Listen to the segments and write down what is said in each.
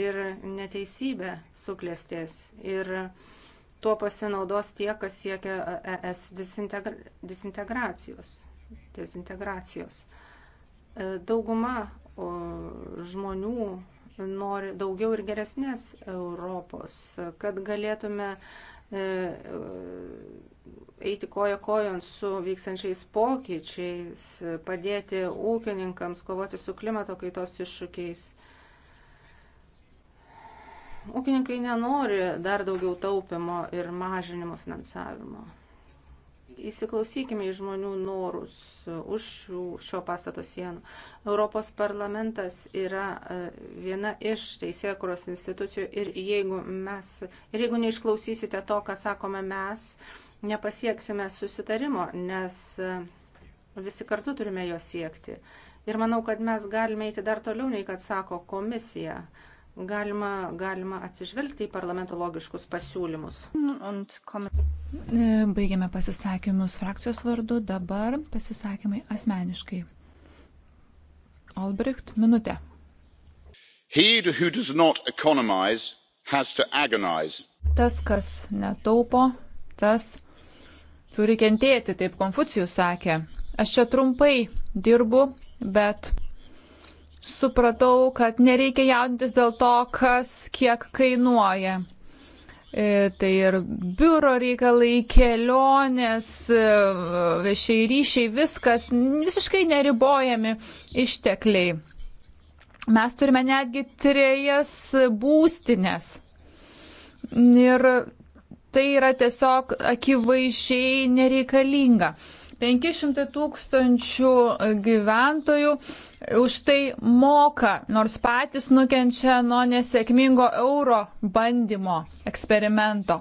ir neteisybė suklestės. Ir tuo pasinaudos tie, kas siekia ES disintegra disintegracijos. dezintegracijos. E, dauguma žmonių nori daugiau ir geresnės Europos, kad galėtume e, e, eiti koja kojon su vykstančiais pokyčiais, padėti ūkininkams kovoti su klimato kaitos iššūkiais Ūkininkai nenori dar daugiau taupimo ir mažinimo finansavimo. Įsiklausykime į žmonių norus už šio pastato sienų. Europos parlamentas yra e, viena iš teisėkuros institucijų ir jeigu, mes, ir jeigu neišklausysite to, ką sakome mes, nepasieksime susitarimo, nes e, visi kartu turime jo siekti. Ir manau, kad mes galime eiti dar toliau nei kad sako komisija galima, galima atsižvelgti į parlamento logiškus pasiūlymus. E, Baigiame pasisakymus frakcijos vardu, dabar pasisakymai asmeniškai. Albrecht, minutė. Tas, kas netaupo, tas turi kentėti, taip Konfucijus sakė. Aš čia trumpai dirbu, bet supratau, kad nereikia jaudintis dėl to, kas kiek kainuoja. E, tai ir biuro reikalai, kelionės, e, viešiai ryšiai, viskas visiškai neribojami ištekliai. Mes turime netgi trejas būstinės. Ir tai yra tiesiog akivaizdžiai nereikalinga. 500 tūkstančių gyventojų už tai moka, nors patys nukenčia nuo nesėkmingo euro bandymo eksperimento.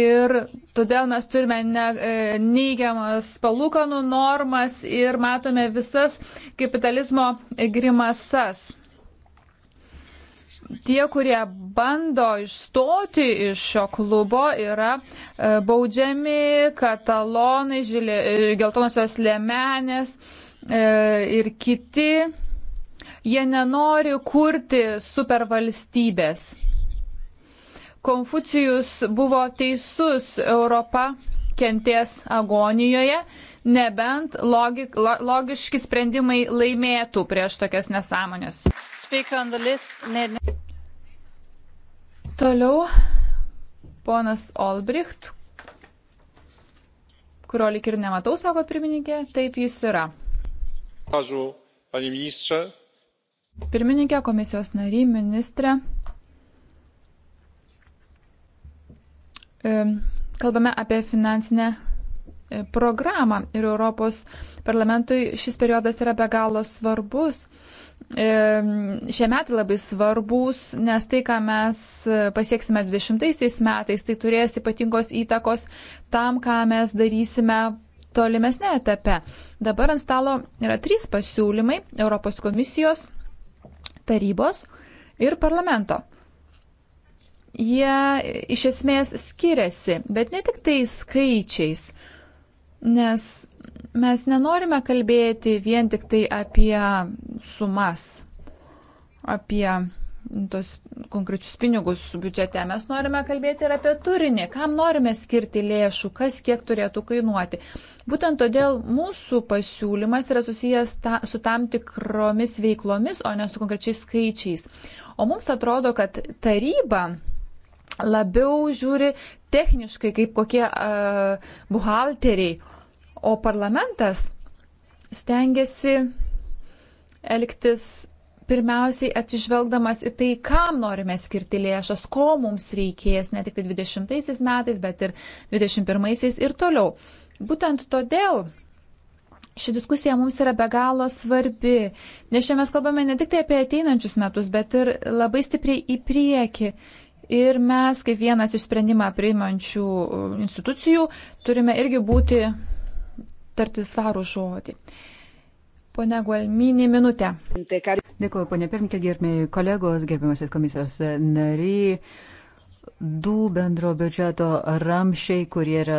Ir todėl mes turime ne, e, neigiamas palūkanų normas ir matome visas kapitalizmo grimasas tie, kurie bando išstoti iš šio klubo, yra e, baudžiami katalonai, žilė, e, geltonosios lėmenės e, ir kiti. Jie nenori kurti supervalstybės. Konfucijus buvo teisus, Europa kenties agonijoje, nebent logik, lo, logiški sprendimai laimėtų prieš tokias nesąmonės. Ne, ne. Toliau ponas Olbricht, kurio lik ir nematau, sako pirmininkė, taip jis yra. Ažu, pirmininkė, komisijos nariai, ministrė. Kalbame apie finansinę E, programą. Ir Europos parlamentui šis periodas yra be galo svarbus. E, šie metai labai svarbus, nes tai, ką mes pasieksime 20 metais, tai turės ypatingos įtakos tam, ką mes darysime tolimesnė etape. Dabar ant stalo yra trys pasiūlymai Europos komisijos, tarybos ir parlamento. Jie iš esmės skiriasi, bet ne tik tai skaičiais nes mes nenorime kalbėti vien tik tai apie sumas, apie tos konkrečius pinigus biudžete. Mes norime kalbėti ir apie turinį, kam norime skirti lėšų, kas kiek turėtų kainuoti. Būtent todėl mūsų pasiūlymas yra susijęs ta, su tam tikromis veiklomis, o ne su konkrečiais skaičiais. O mums atrodo, kad taryba labiau žiūri techniškai, kaip kokie uh, buhalteriai, O parlamentas stengiasi elgtis pirmiausiai atsižvelgdamas į tai, kam norime skirti lėšas, ko mums reikės ne tik 20 tai metais, bet ir 21 ir toliau. Būtent todėl ši diskusija mums yra be galo svarbi, nes čia mes kalbame ne tik tai apie ateinančius metus, bet ir labai stipriai į priekį. Ir mes, kaip vienas iš sprendimą priimančių institucijų, turime irgi būti tarti svarų žodį. Pone Gualminį, minutę. Dėkuoju, ponė pirmininkė, gerbėjai kolegos, gerbiamasis komisijos nariai. Du bendro biudžeto ramšiai, kurie yra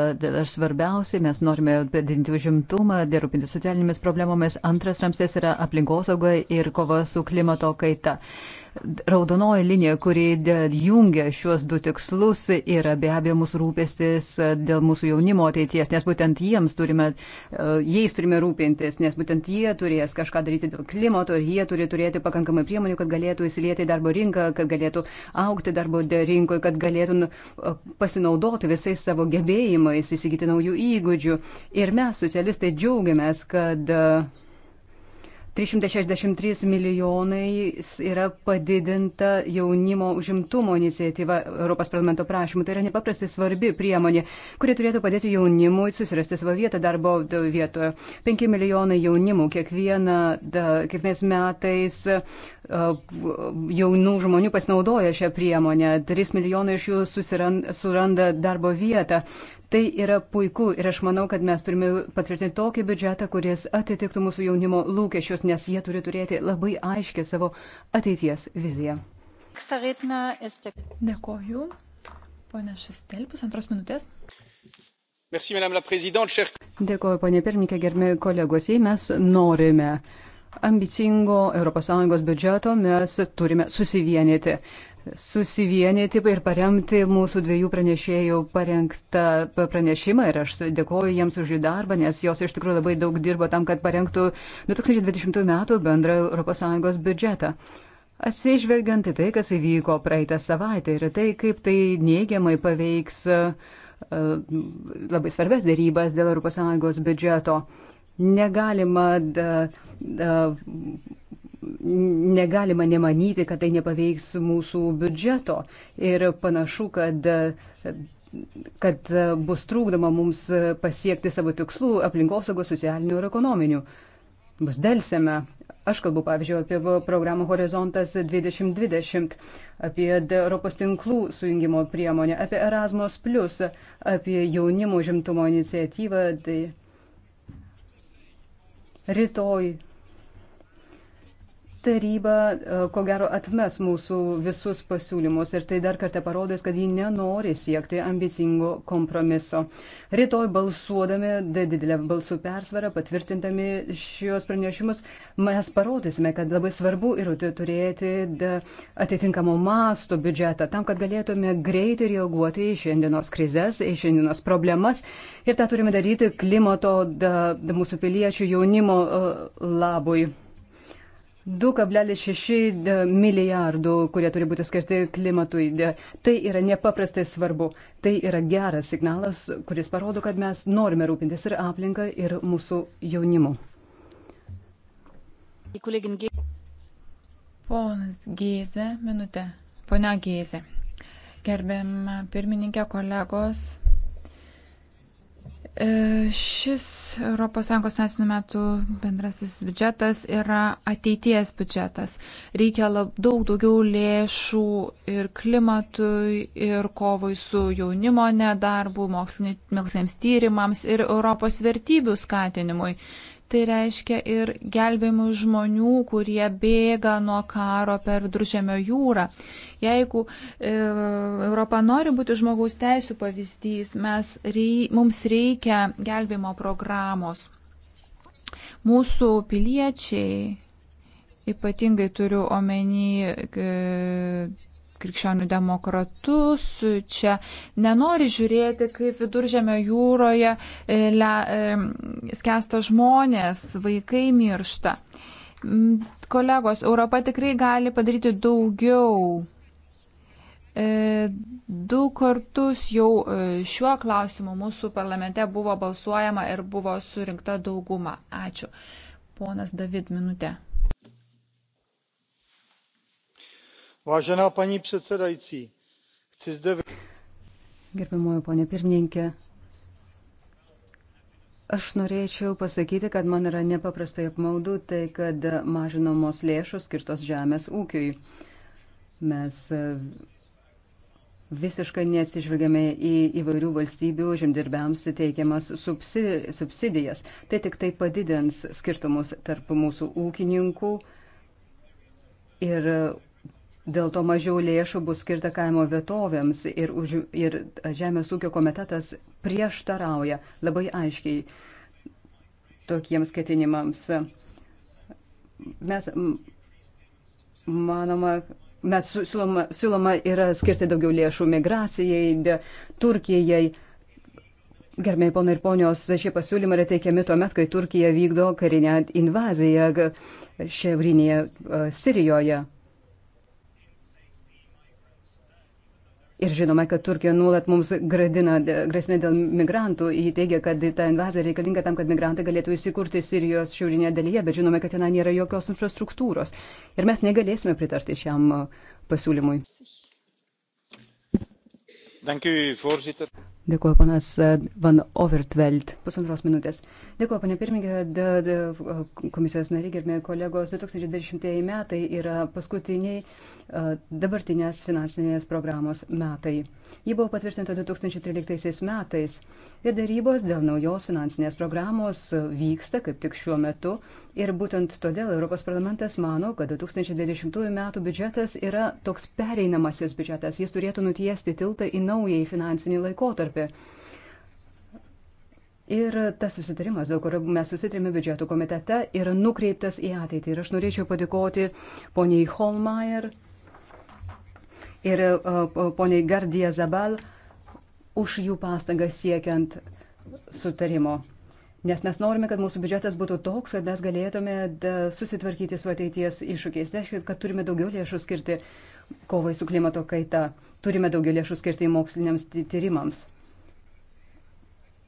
svarbiausi, mes norime padinti užimtumą, rūpinti socialinėmis problemomis. Antras ramstis yra aplinkosauga ir kova su klimato kaita. Raudonoji linija, kuri jungia šiuos du tikslus, yra be abejo mūsų rūpestis dėl mūsų jaunimo ateities, nes būtent jiems turime, e, jais turime rūpintis, nes būtent jie turės kažką daryti dėl klimato ir jie turi turėti pakankamai priemonių, kad galėtų įsilieti į darbo rinką, kad galėtų aukti darbo rinkoje, kad galėtų nu, e, pasinaudoti visais savo gebėjimais, įsigyti naujų įgūdžių. Ir mes, socialistai, džiaugiamės, kad uh, 363 milijonai yra padidinta jaunimo užimtumo iniciatyva Europos parlamento prašymu. Tai yra nepaprastai svarbi priemonė, kuri turėtų padėti jaunimui susirasti savo vietą darbo vietoje. 5 milijonai jaunimų kiekvieną, da, kiekvienais metais jaunų žmonių pasinaudoja šią priemonę. 3 milijonai iš jų susiranda, suranda darbo vietą. Tai yra puiku ir aš manau, kad mes turime patvirtinti tokį biudžetą, kuris atitiktų mūsų jaunimo lūkesčius, nes jie turi turėti labai aiškę savo ateities viziją. Dėkoju. Pone Šestelpus, antros minutės. Merci, cher... Dėkoju, ponė pirmininkė, gerbėjai kolegos. Jei mes norime ambicingo ES biudžeto, mes turime susivienyti susivienyti ir paremti mūsų dviejų pranešėjų parengtą pranešimą. Ir aš dėkoju jiems už jų darbą, nes jos iš tikrųjų labai daug dirbo tam, kad parengtų 2020 m. bendrą ES biudžetą. Atsižvelgiant į tai, kas įvyko praeitą savaitę ir tai, kaip tai neigiamai paveiks e, labai svarbės darybas dėl ES biudžeto, negalima da, da, negalima nemanyti, kad tai nepaveiks mūsų biudžeto. Ir panašu, kad kad bus trūkdama mums pasiekti savo tikslų aplinkosaugos, socialinių ir ekonominių. Bus dėlsiame. Aš kalbu, pavyzdžiui, apie programą Horizontas 2020, apie Europos tinklų sujungimo priemonę, apie Erasmus, apie jaunimo žimtumo iniciatyvą. Tai rytoj taryba, e, ko gero, atmes mūsų visus pasiūlymus ir tai dar kartą parodys, kad ji nenori siekti ambicingo kompromiso. Rytoj balsuodami, didelę balsų persvarą, patvirtintami šios pranešimus, mes parodysime, kad labai svarbu yra turėti atitinkamo masto biudžetą, tam, kad galėtume greitai reaguoti į šiandienos krizės, į šiandienos problemas ir tą turime daryti klimato, da, da, mūsų piliečių jaunimo e, labui. 2,6 e, milijardų, kurie turi būti skirti klimatui. Tai yra nepaprastai svarbu. Tai yra geras signalas, kuris parodo, kad mes norime rūpintis ir aplinką, ir mūsų jaunimu. Ponas Gėze, minutė. Pone Gėze. Gerbiam pirmininkė, kolegos. E, šis ES finansinių metų bendrasis biudžetas yra ateities biudžetas. Reikia lab, daug daugiau lėšų ir klimatui, ir kovai su jaunimo nedarbu, moksliniams tyrimams ir Europos vertybių skatinimui. Tai reiškia ir gelbėjimų žmonių, kurie bėga nuo karo per viduržėmio jūrą. Jeigu e, Europa nori būti žmogaus teisų pavyzdys, mes, rei, mums reikia gelbėjimo programos. Mūsų piliečiai, ypatingai turiu omeny e, krikščionių demokratus čia nenori žiūrėti, kaip viduržėmio jūroje e, le, e, skęsta žmonės, vaikai miršta. Mm, kolegos, Europa tikrai gali padaryti daugiau. E, du kartus jau šiuo klausimu mūsų parlamente buvo balsuojama ir buvo surinkta dauguma. Ačiū. Ponas David, minutė. Vážená paní předsedající, chci zde. Gerbiamoji ponė pirmininkė, Aš norėčiau pasakyti, kad man yra nepaprastai apmaudu tai, kad mažinamos lėšos skirtos žemės ūkiui. Mes e, visiškai neatsižvelgiame į įvairių valstybių žemdirbiams teikiamas subsidijas. Tai tik tai padidins skirtumus tarp mūsų ūkininkų ir Dėl to mažiau lėšų bus skirta kaimo vietovėms ir, už, ir Žemės ūkio komitetas prieštarauja labai aiškiai tokiems ketinimams. Mes, manoma, mes siūloma, siūloma yra skirti daugiau lėšų migracijai, Turkijai. Gerbėjai ponai ir ponios, šie pasiūlymai yra teikiami tuo met, kai Turkija vykdo karinę invaziją šiaurinėje e, Sirijoje. Ir žinome, kad Turkija nuolat mums gradina, grasina dėl migrantų. Jį teigia, kad ta invazija reikalinga tam, kad migrantai galėtų įsikurti Sirijos šiaurinėje dalyje, bet žinome, kad ten nėra jokios infrastruktūros. Ir mes negalėsime pritarti šiam pasiūlymui. Dank u, voorzitter. Dėkuoju, panas e, Van Overtveld. Pusantros minutės. Dėkuoju, panė pirmininkė, komisijos nariai, gerbėjai kolegos. 2020 metai yra paskutiniai e, dabartinės finansinės programos metai. Ji buvo patvirtinta 2013 metais ir darybos dėl naujos finansinės programos vyksta kaip tik šiuo metu. Ir būtent todėl Europos parlamentas mano, kad 2020 metų biudžetas yra toks pereinamasis biudžetas. Jis turėtų nutiesti tiltą į naująjį finansinį laikotarpį puslapį. Ir tas susitarimas, dėl kurio mes susitrėmė biudžeto komitete, yra nukreiptas į ateitį. Ir aš norėčiau padėkoti poniai Holmeier ir e, poniai Gardija Zabal už jų pastangas siekiant sutarimo. Nes mes norime, kad mūsų biudžetas būtų toks, kad mes galėtume e, susitvarkyti su ateities iššūkiais. Tai reiškia, kad turime daugiau lėšų skirti kovai su klimato kaita, turime daugiau lėšų skirti moksliniams tyrimams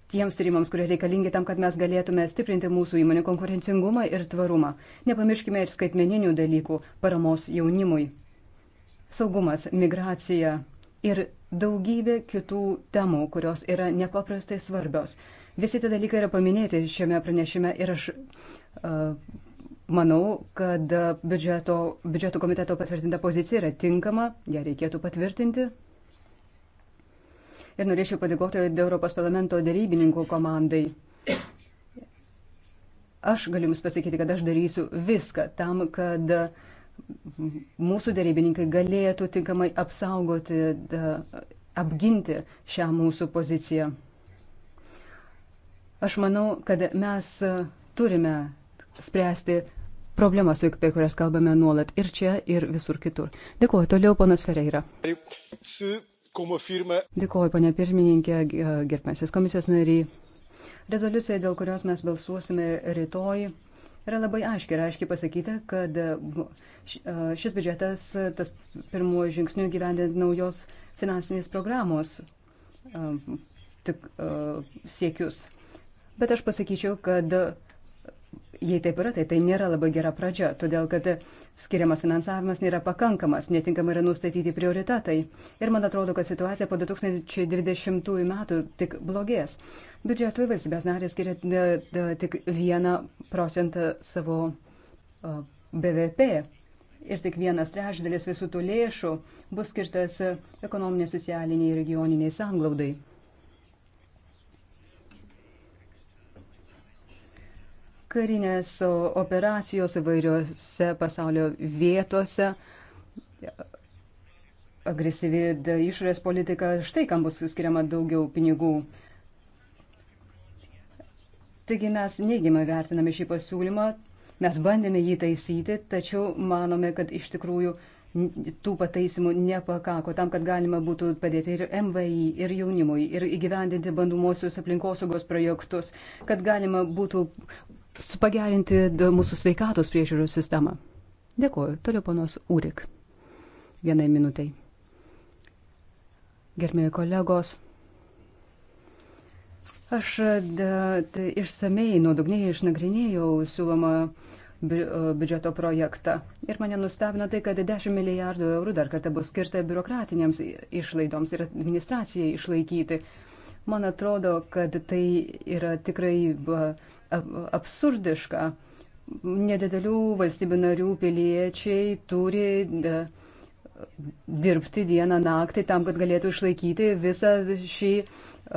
tiems tyrimams, kurie reikalingi tam, kad mes galėtume stiprinti mūsų įmonių konkurencingumą ir tvarumą. Nepamirškime ir skaitmeninių dalykų - paramos jaunimui, saugumas, migracija ir daugybė kitų temų, kurios yra nepaprastai svarbios. Visi tie dalykai yra paminėti šiame pranešime ir aš uh, Manau, kad biudžeto, biudžeto komiteto patvirtinta pozicija yra tinkama, ją reikėtų patvirtinti ir norėčiau padėkoti Europos parlamento darybininkų komandai. Aš galiu Jums pasakyti, kad aš darysiu viską tam, kad mūsų darybininkai galėtų tinkamai apsaugoti, apginti šią mūsų poziciją. Aš manau, kad mes turime spręsti problemas, apie kurias kalbame nuolat ir čia, ir visur kitur. Dėkuoju. Toliau ponas Fereira. Dėkuoju, ponia pirmininkė, gerbėsis komisijos nariai. Rezoliucija, dėl kurios mes balsuosime rytoj, yra labai aiškiai ir aiškiai pasakyta, kad šis biudžetas tas pirmuoju žingsniu gyvendint naujos finansinės programos tik, siekius. Bet aš pasakyčiau, kad Jei taip yra, tai tai nėra labai gera pradžia, todėl kad skiriamas finansavimas nėra pakankamas, netinkamai yra nustatyti prioritetai. Ir man atrodo, kad situacija po 2020 metų tik blogės. Biudžetui valstybės narės skiria e, e, tik vieną procentą savo e, BVP. Ir tik vienas trečdalis visų tų lėšų bus skirtas ekonominė, socialiniai ir regioniniai sanglaudai. karinės operacijos įvairiose pasaulio vietose, agresyvi išorės politika, štai kam bus skiriama daugiau pinigų. Taigi mes neigiamai vertiname šį pasiūlymą, mes bandėme jį taisyti, tačiau manome, kad iš tikrųjų tų pataisimų nepakako tam, kad galima būtų padėti ir MVI, ir jaunimui, ir įgyvendinti bandomosius aplinkosaugos projektus, kad galima būtų pagerinti mūsų sveikatos priežiūros sistemą. Dėkuoju. Toliau ponos Urik. Vienai minutai. Gerbėjai kolegos. Aš da, tai išsamei, nuodugniai išnagrinėjau siūlomą biudžeto projektą. Ir mane nustebino tai, kad 10 milijardų eurų dar kartą bus skirta biurokratinėms išlaidoms ir administracijai išlaikyti. Man atrodo, kad tai yra tikrai absurdiška. Nedidelių valstybių narių piliečiai turi e, dirbti dieną naktį tam, kad galėtų išlaikyti visą šį e,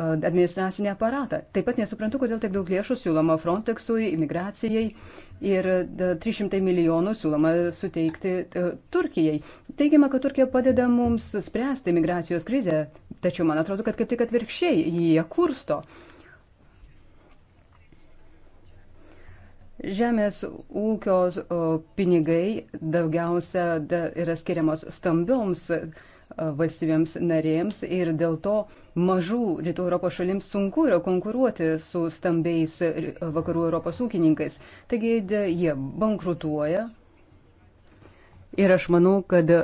administracinį aparatą. Taip pat nesuprantu, kodėl tiek daug lėšų siūloma Frontexui, imigracijai ir 300 e, milijonų siūloma suteikti Turkijai. Teigiama, kad Turkija padeda mums spręsti imigracijos krizę, Tačiau man atrodo, kad kaip tik atvirkščiai jie kursto. Žemės ūkio pinigai daugiausia yra skiriamos stambioms valstybėms narėms ir dėl to mažų rytų Europos šalims sunku yra konkuruoti su stambiais vakarų Europos ūkininkais. Taigi jie bankrutuoja ir aš manau, kad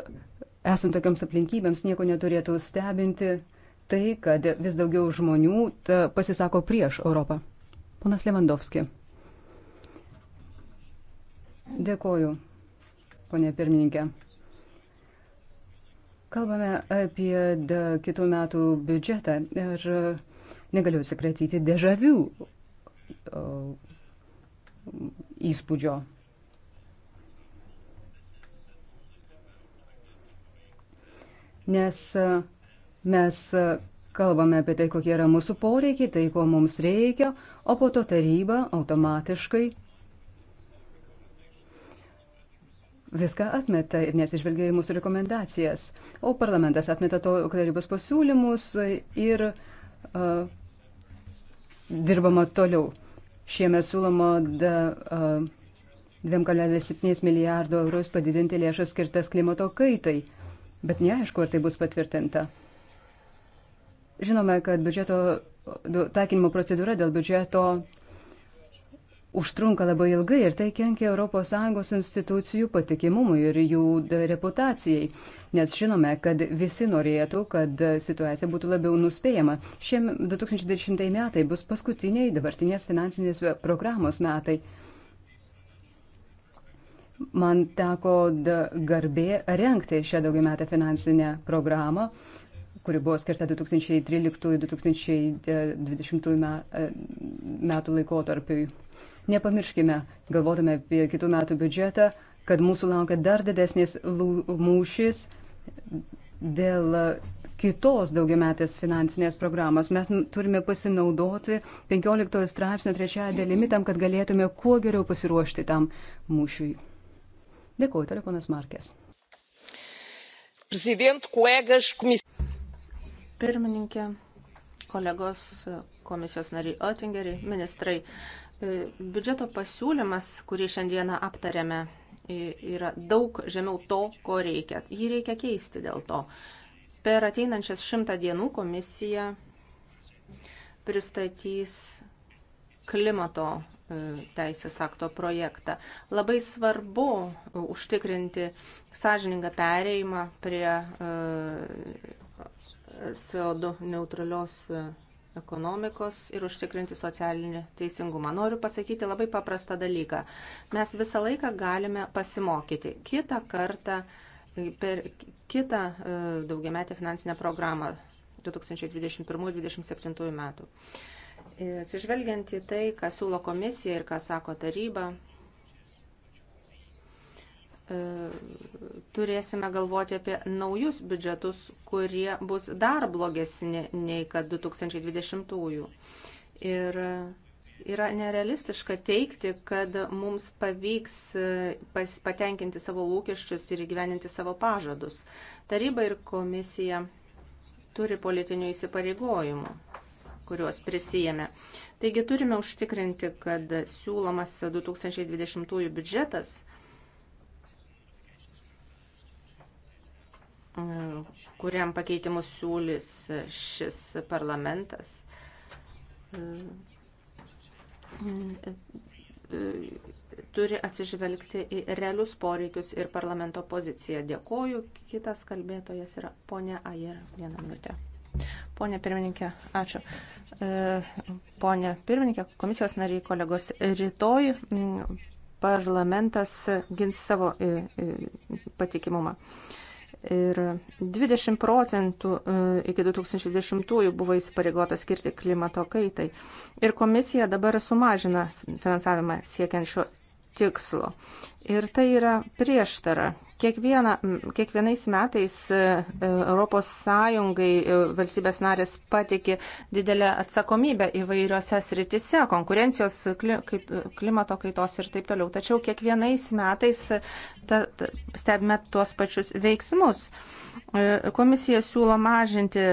esant tokiams aplinkybėms, nieko neturėtų stebinti tai, kad vis daugiau žmonių pasisako prieš Europą. Ponas Levandovski. Dėkoju, ponė pirmininkė. Kalbame apie kitų metų biudžetą ir negaliu atsikratyti dežavių įspūdžio. nes e, mes e, kalbame apie tai, kokie yra mūsų poreikiai, tai, ko mums reikia, o po to taryba automatiškai viską atmeta ir nesižvelgia į mūsų rekomendacijas. O parlamentas atmeta to tarybos pasiūlymus ir uh, dirbama toliau. Šiemet siūloma da, uh, 2,7 milijardo eurus padidinti lėšas skirtas klimato kaitai. Uh, bet neaišku, ar tai bus patvirtinta. Žinome, kad biudžeto taikinimo procedūra dėl biudžeto užtrunka labai ilgai ir tai kenkia ES institucijų patikimumui ir jų reputacijai, nes žinome, kad visi norėtų, kad situacija būtų labiau nuspėjama. Šiem 2010 metai bus paskutiniai dabartinės finansinės programos metai. Man teko garbė renkti šią daugiametę finansinę programą, kuri buvo skirta 2013-2020 e, e, metų laikotarpiui. Nepamirškime, galvodami apie kitų metų biudžetą, kad mūsų laukia dar didesnis mūšis dėl kitos daugiametės finansinės programos. Mes turime pasinaudoti 15 straipsnio trečiąją dalimi tam, kad galėtume kuo geriau pasiruošti tam mūšiui. Dėkuoju, telefonas Markės. Pirmininkė, kolegos komisijos nariai Oettingeriai, ministrai, e, biudžeto pasiūlymas, kurį šiandieną aptarėme, yra daug žemiau to, ko reikia. Jį reikia keisti dėl to. Per ateinančias šimtą dienų komisija pristatys klimato teisės akto projektą. Labai svarbu uh, užtikrinti sąžiningą pereimą prie uh, CO2 neutralios uh, ekonomikos ir užtikrinti socialinį teisingumą. Noriu pasakyti labai paprastą dalyką. Mes visą laiką galime pasimokyti. Kitą kartą per kitą daugiametę finansinę programą 2021-2027 metų. Atsižvelgiant į tai, ką siūlo komisija ir ką sako taryba, e, turėsime galvoti apie naujus biudžetus, kurie bus dar blogesni nei kad 2020-ųjų. Ir yra nerealistiška teikti, kad mums pavyks e, pas, patenkinti savo lūkesčius ir įgyveninti savo pažadus. Taryba ir komisija turi politinių įsipareigojimų kuriuos prisijėmė. Taigi turime užtikrinti, kad siūlomas 2020 biudžetas kuriam pakeitimus siūlys šis parlamentas, turi atsižvelgti į realius poreikius ir parlamento poziciją. Dėkoju. Kitas kalbėtojas yra ponia Ajer. Vieną minutę. Pone pirmininkė, ačiū. E, pone pirmininkė, komisijos nariai, kolegos, rytoj parlamentas gins savo e, e, patikimumą. Ir 20 procentų iki 2010-ųjų buvo įsipareigota skirti klimato kaitai. Ir komisija dabar sumažina finansavimą siekiant šio tikslo. Ir tai yra prieštara Kiekviena, kiekvienais metais ES e, valstybės narės patikė didelę atsakomybę įvairiose sritise - konkurencijos, klimato kaitos ir taip toliau. Tačiau kiekvienais metais e, ta, ta, stebime tuos pačius veiksmus. E, komisija siūlo mažinti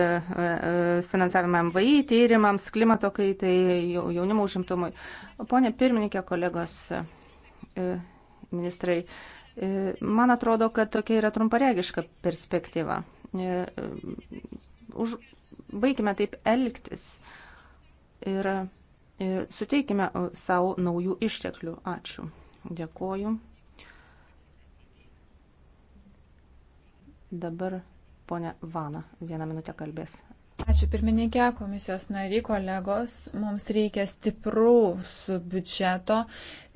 finansavimą MVI tyrimams, klimato kaitai, jaunimo užimtumui. Pone pirmininkė, kolegos ministrai, E, man atrodo, kad tokia yra trumparegiška perspektyva. E, už, baigime taip elgtis ir e, suteikime savo naujų išteklių. Ačiū. Dėkoju. Dabar ponia Vana vieną minutę kalbės. Ačiū pirmininkė, komisijos nariai, kolegos. Mums reikia stipraus biudžeto,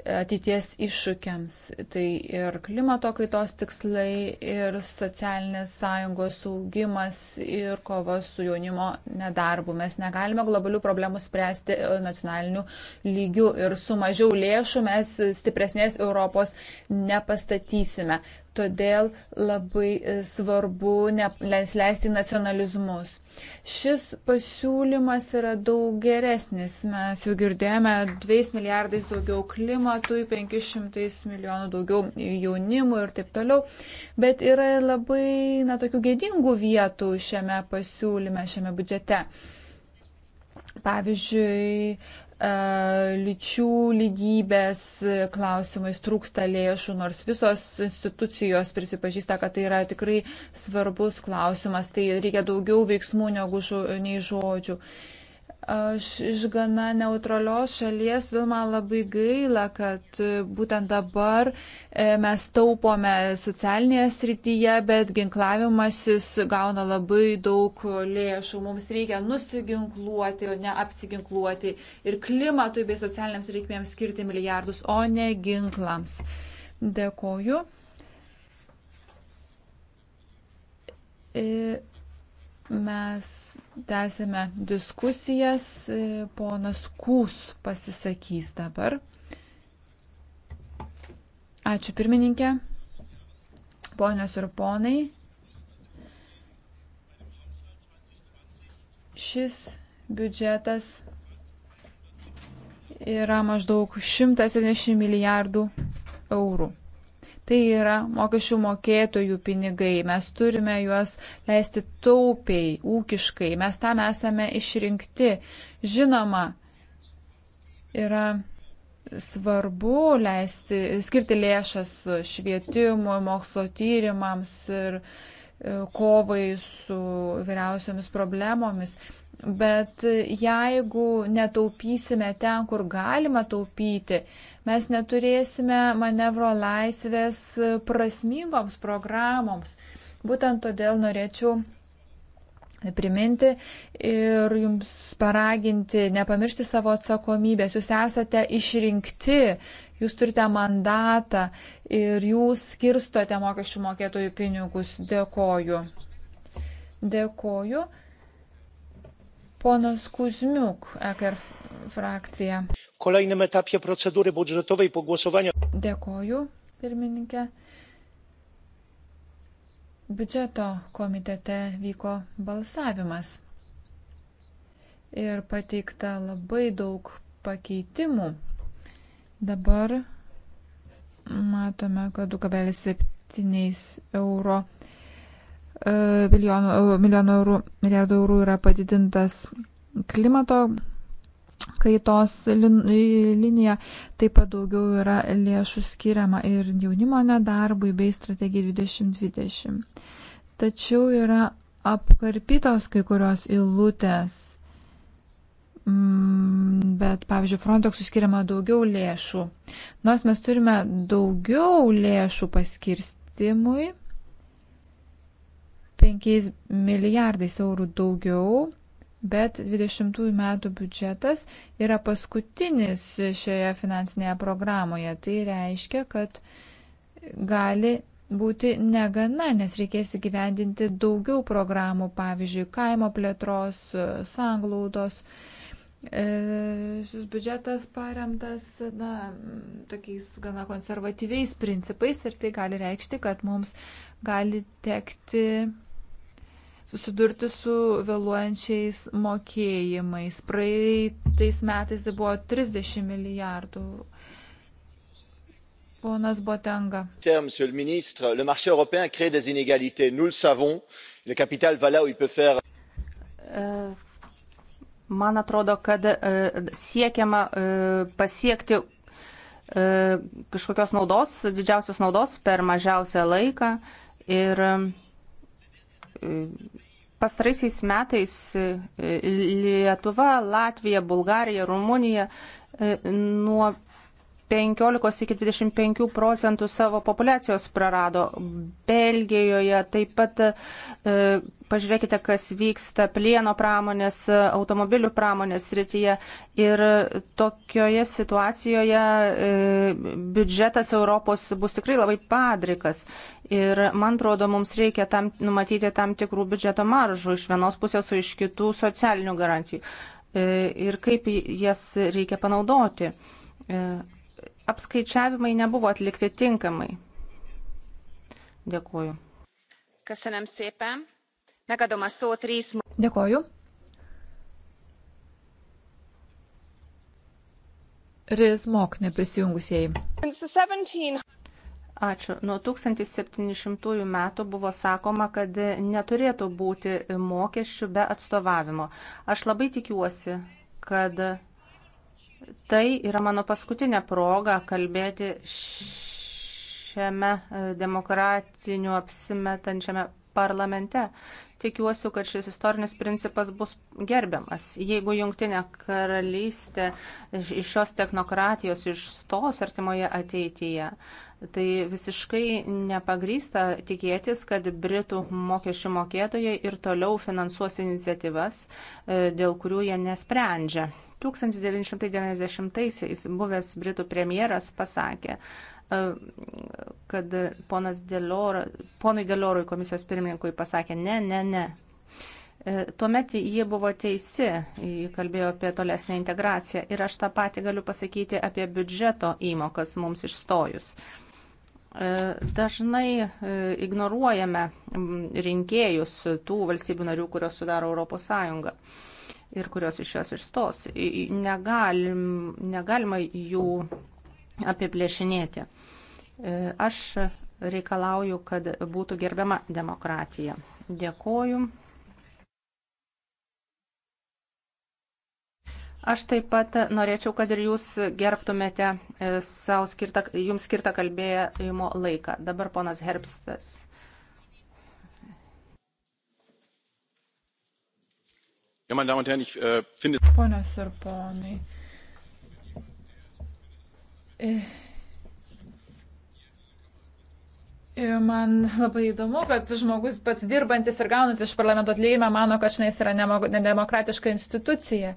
ateities iššūkiams. Tai ir klimato kaitos tikslai, ir socialinės sąjungos augimas, ir kova su jaunimo nedarbu. Mes negalime globalių problemų spręsti nacionaliniu lygiu ir su mažiau lėšų mes stipresnės Europos nepastatysime. Todėl labai svarbu neleisti nacionalizmus. Šis pasiūlymas yra daug geresnis. Mes jau girdėjome 2 milijardais daugiau klimato klimatui, 500 milijonų daugiau jaunimų ir taip toliau. Bet yra labai, na, tokių gėdingų vietų šiame pasiūlyme, šiame biudžete. Pavyzdžiui, e, lyčių lygybės klausimais trūksta lėšų, nors visos institucijos prisipažįsta, kad tai yra tikrai svarbus klausimas, tai reikia daugiau veiksmų negu žo, nei žodžių. Uh, Aš iš gana neutralios šalies, man labai gaila, kad e, būtent dabar e, mes taupome socialinėje srityje, bet ginklavimasis gauna labai daug lėšų. Mums reikia nusiginkluoti, o ne apsiginkluoti ir klimatui bei socialiniams reikmėms skirti milijardus, o ne ginklams. Dėkoju. E, mes Tęsėme diskusijas. E, ponas Kūs pasisakys dabar. Ačiū pirmininkė. Ponios ir ponai. Šis biudžetas yra maždaug 170 milijardų eurų. Tai yra mokesčių mokėtojų pinigai. Mes turime juos leisti taupiai, ūkiškai. Mes tam esame išrinkti. Žinoma, yra svarbu leisti, skirti lėšas švietimui, mokslo tyrimams ir, E, kovai su vyriausiamis problemomis. Bet jeigu netaupysime ten, kur galima taupyti, mes neturėsime manevro laisvės prasmingoms programoms. Būtent todėl norėčiau priminti ir jums paraginti, nepamiršti savo atsakomybės. Jūs esate išrinkti, jūs turite mandatą ir jūs skirstote mokesčių mokėtojų pinigus. Dėkoju. Dėkoju. Ponas Kuzmiuk, EKR frakcija. Kolejnėme etapė procedūrai budžetovai po głosovania. Dėkoju, pirmininkė. Biudžeto komitete vyko balsavimas ir pateikta labai daug pakeitimų. Dabar matome, kad 2,7 euro milijonų, e, milijonų e, eurų, milijardų eurų yra padidintas klimato kaitos linija. Taip pat daugiau yra lėšų skiriama ir jaunimo nedarbui bei strategijai 2020. Tačiau yra apkarpytos kai kurios eilutės. Mm, bet, pavyzdžiui, Frontexui skiriama daugiau lėšų. Nors mes turime daugiau lėšų paskirstimui, 5 milijardais eurų daugiau, bet 20 metų biudžetas yra paskutinis šioje finansinėje programoje. Tai reiškia, kad gali būti negana, nes reikės įgyvendinti daugiau programų, pavyzdžiui, kaimo plėtros, sanglaudos. E, šis biudžetas paremtas na, tokiais gana konservatyviais principais ir tai gali reikšti, kad mums gali tekti susidurti su vėluojančiais mokėjimais. Praeitais metais tai buvo 30 milijardų. Ponas Botenga. Monsieur le ministre, le marché européen crée des inégalités. Nous le savons. Le capital va là où il peut faire. Euh, man atrodo, kad euh, siekiama euh, pasiekti kažkokios naudos, didžiausios naudos per mažiausią laiką ir Pastaraisiais metais e, Lietuva, Latvija, Bulgarija, Rumunija e, nuo 15 iki 25 procentų savo populacijos prarado. Belgijoje taip pat e, pažiūrėkite, kas vyksta plieno pramonės, automobilių pramonės srityje. Ir tokioje situacijoje e, biudžetas Europos bus tikrai labai padrikas. Ir man atrodo, mums reikia tam, numatyti tam tikrų biudžeto maržų iš vienos pusės, o iš kitų socialinių garantijų. E, ir kaip jas reikia panaudoti. E, apskaičiavimai nebuvo atlikti tinkamai. Dėkuoju. Köszönöm szépen Megadom a szót Rész. Dėkoju. Rizmok neprisijungusieji. Ačiū. Nuo 1700 metų buvo sakoma, kad neturėtų būti mokesčių be atstovavimo. Aš labai tikiuosi, kad tai yra mano paskutinė proga kalbėti šiame demokratiniu apsimetančiame parlamente. Tikiuosi, kad šis istorinis principas bus gerbiamas. Jeigu jungtinė karalystė iš šios technokratijos išstos artimoje ateityje, tai visiškai nepagrysta tikėtis, kad Britų mokesčių mokėtojai ir toliau finansuos iniciatyvas, e, dėl kurių jie nesprendžia. 1990-aisiais buvęs Britų premjeras pasakė, kad ponas Deliora, ponui Deliorui komisijos pirmininkui pasakė ne, ne, ne. E, tuomet jie buvo teisi, jie kalbėjo apie tolesnę integraciją ir aš tą patį galiu pasakyti apie biudžeto įmokas mums išstojus. E, dažnai e, ignoruojame rinkėjus tų valstybių narių, kurios sudaro Europos Sąjungą ir kurios iš jos išstos. Negalim, negalima jų apiplėšinėti. E, aš reikalauju, kad būtų gerbiama demokratija. Dėkoju. Aš taip pat norėčiau, kad ir jūs gerbtumėte e, skirtą, jums skirtą kalbėjimo laiką. Dabar ponas Herbstas. Äh, Ponios ir ponai, e, Man labai įdomu, kad žmogus pats dirbantis ir gaunantis iš parlamento atlyginimą mano, kad šnais yra nedemokratiška institucija.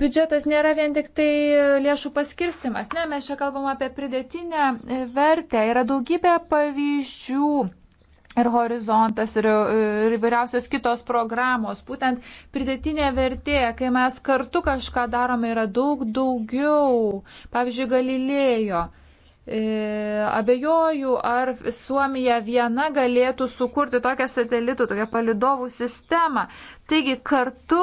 Biudžetas nėra vien tik tai lėšų paskirstimas, ne, mes čia kalbam apie pridėtinę e, vertę. Yra daugybė pavyzdžių ir horizontas, ir, ir įvairiausios kitos programos. Būtent pridėtinė vertė, kai mes kartu kažką darome, yra daug daugiau. Pavyzdžiui, Galilėjo. E, abejoju, ar Suomija viena galėtų sukurti tokią satelitų, tokią palidovų sistemą. Taigi kartu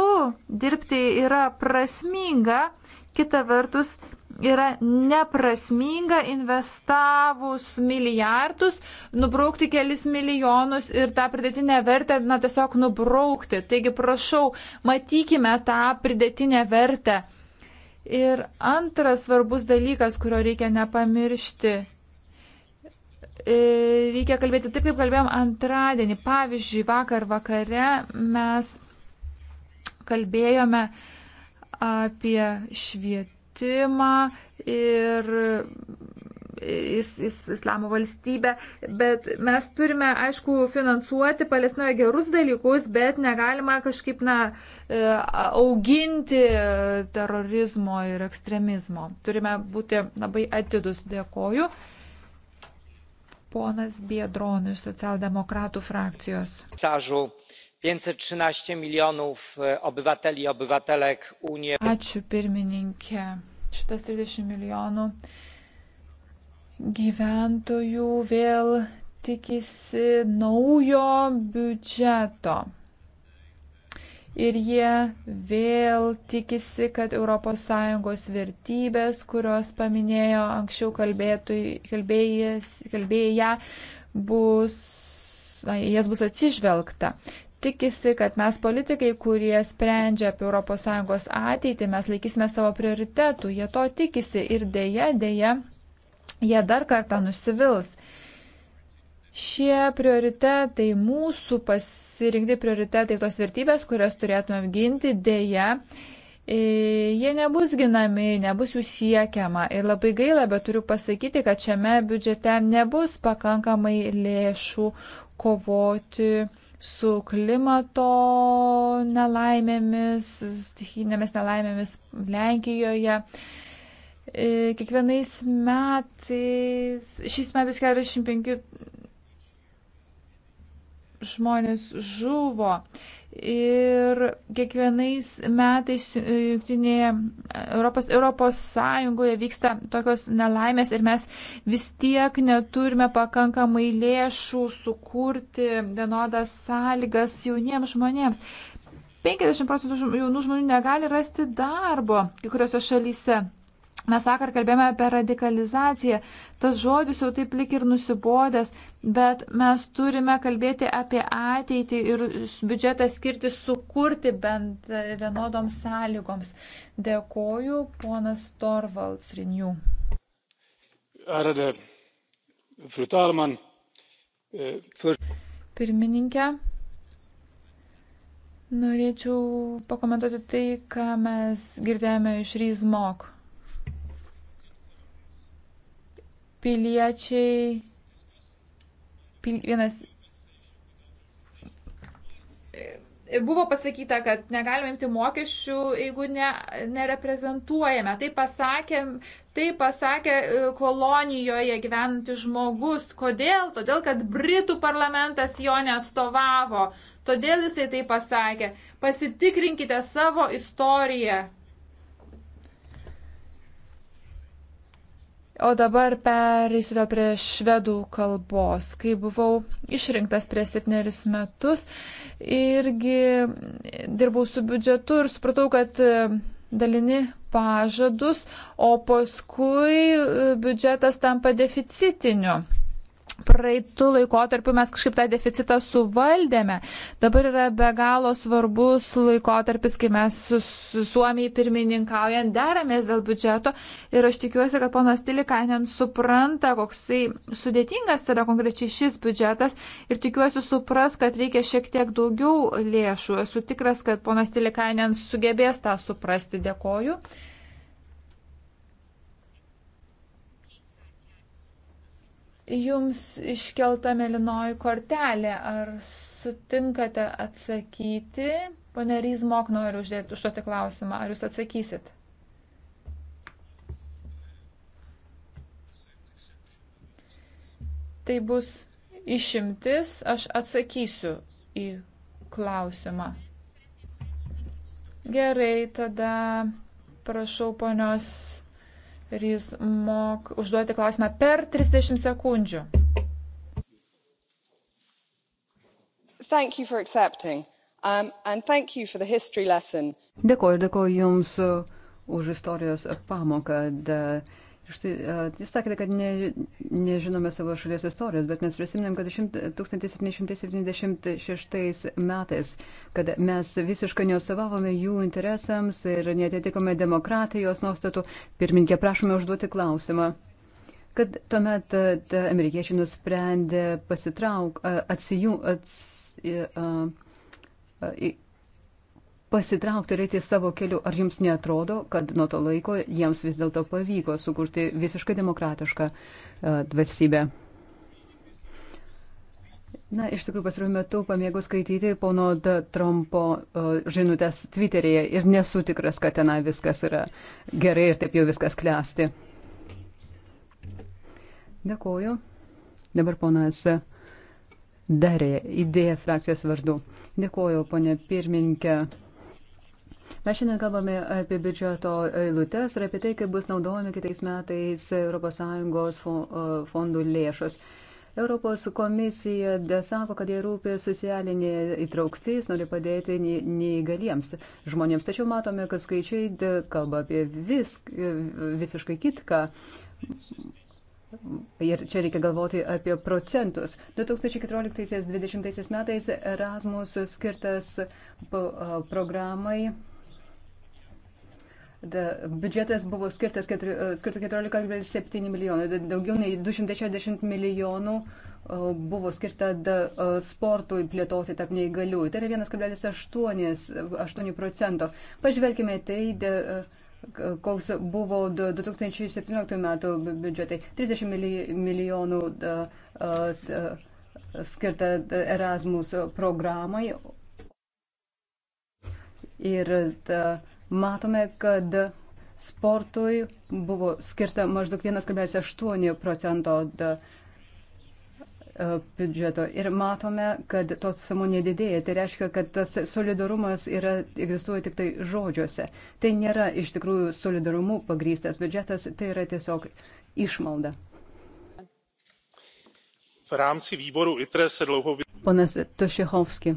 dirbti yra prasminga, kita vertus yra neprasminga investavus milijardus, nubraukti kelis milijonus ir tą pridėtinę vertę, na, tiesiog nubraukti. Taigi prašau, matykime tą pridėtinę vertę Ir antras svarbus dalykas, kurio reikia nepamiršti, e, reikia kalbėti taip, kaip kalbėjom antradienį. Pavyzdžiui, vakar vakare mes kalbėjome apie švietimą ir is, is, islamo valstybę, bet mes turime, aišku, finansuoti Palestinoje gerus dalykus, bet negalima kažkaip, na, e, auginti terorizmo ir ekstremizmo. Turime būti labai atidus. Dėkoju. Ponas Biedronis, socialdemokratų frakcijos. Sažu pięćset trzynaście milionów e, obywateli i obywatelek unii europejskiej. ačiū pirmininke šimtas trisdešimt milijonų gyventojų vėl tikisi naujo biudžeto. Ir jie vėl tikisi, kad ES vertybės, kurios paminėjo anksčiau kalbėję, bus, na, jas bus atsižvelgta tikisi, kad mes politikai, kurie sprendžia apie ES ateitį, mes laikysime savo prioritetų, jie to tikisi ir dėja, dėja, jie dar kartą nusivils. Šie prioritetai, mūsų pasirinkti prioritetai, tos vertybės, kurias turėtume apginti, dėja, e, jie nebus ginami, nebus jų siekiama. Ir labai gaila, bet turiu pasakyti, kad šiame biudžete nebus pakankamai lėšų kovoti su klimato nelaimėmis, stichinėmis nelaimėmis Lenkijoje. E, kiekvienais metais, šiais metais 45 žmonės žuvo ir kiekvienais metais Junktinėje Europos, Europos Sąjungoje vyksta tokios nelaimės ir mes vis tiek neturime pakankamai lėšų sukurti vienodas sąlygas jauniems žmonėms. 50 procentų jaunų žmonių negali rasti darbo kai kuriuose šalyse. Mes vakar kalbėjome apie radikalizaciją. Tas žodis jau taip lik ir nusibodęs, bet mes turime kalbėti apie ateitį ir biudžetą skirti sukurti bent vienodoms sąlygoms. Dėkoju, ponas Torvalds Rinių. Eh, Pirmininkė, norėčiau pakomentuoti tai, ką mes girdėjome iš Ryzmok piliečiai. Pil, vienas. Buvo pasakyta, kad negalime imti mokesčių, jeigu ne, nereprezentuojame. Tai pasakė, tai pasakė e, kolonijoje gyvenantis žmogus. Kodėl? Todėl, kad Britų parlamentas jo neatstovavo. Todėl jisai tai pasakė. Pasitikrinkite savo istoriją. O dabar pereisiu vėl prie švedų kalbos. Kai buvau išrinktas prieš septynerius metus, irgi dirbau su biudžetu ir supratau, kad e, dalini pažadus, o paskui e, biudžetas tampa deficitiniu praeitų laikotarpių mes kažkaip tą deficitą suvaldėme. Dabar yra be galo svarbus laikotarpis, kai mes su, su Suomijai pirmininkaujant deramės dėl biudžeto ir aš tikiuosi, kad ponas Tilikainen supranta, koksai sudėtingas yra konkrečiai šis biudžetas ir tikiuosi supras, kad reikia šiek tiek daugiau lėšų. Esu tikras, kad ponas Tilikainen sugebės tą suprasti. Dėkoju. jums iškelta melinoji kortelė. Ar sutinkate atsakyti? Pone Ryzmok noriu uždėti užduoti klausimą. Ar jūs atsakysit? Tai bus išimtis, aš atsakysiu į klausimą. Gerai, tada prašau ponios ir jis mok užduoti klausimą per 30 sekundžių. Thank you for accepting. Um, and thank you for the history lesson. Dėkoju, dėkoju Jums uh, už istorijos pamoką. Da, de Štai, jūs sakėte, kad ne, nežinome savo šalies istorijos, bet mes prisiminėm, kad 1776 metais, kad mes visiškai neosavavome jų interesams ir netitikome demokratijos nuostatų. Pirminkė, prašome užduoti klausimą. Kad tuomet amerikiečiai nusprendė pasitrauk, atsijų, ats, a, a, a, pasitraukti ir eiti savo keliu. Ar jums netrodo, kad nuo to laiko jiems vis dėlto pavyko sukurti visiškai demokratišką uh, e, valstybę? Na, iš tikrųjų, pasirodo metu pamėgau skaityti pono D. Trumpo uh, žinutės Twitter'yje ir nesu tikras, kad tenai viskas yra gerai ir taip jau viskas klesti. Dėkuoju. Dabar ponas Darė, idėja e frakcijos vardu. Dėkuoju, ponė pirmininkė. Mes šiandien kalbame apie biudžeto eilutes ir apie tai, kaip bus naudojami kitais metais ES e, fondų lėšos. Europos komisija sako, kad jie rūpi socialinė įtrauktis, nori padėti neįgaliems žmonėms. Tačiau matome, kad skaičiai kalba apie vis, visiškai kitką. Ir čia reikia galvoti apie procentus. 2014-2020 metais Erasmus skirtas programai Da, biudžetas buvo skirtas 14,7 e, milijonų, daugiau nei 260 milijonų e, buvo skirta da, e, sportui plėtoti tarp neįgalių. Tai yra 1,8 procento. Pažvelkime tai, da, koks buvo 2017 metų biudžetai. 30 milijonų da, da, skirta Erasmus programai. Ir da, matome, kad sportui buvo skirta maždaug 1,8 procento e, biudžeto ir matome, kad tos sumų nedidėja. Tai reiškia, kad tas solidarumas yra, egzistuoja tik tai žodžiuose. Tai nėra iš tikrųjų solidarumu pagrystas biudžetas, tai yra tiesiog išmalda. V rámci výboru ITRE se dlouho... Ponas Tošechovski.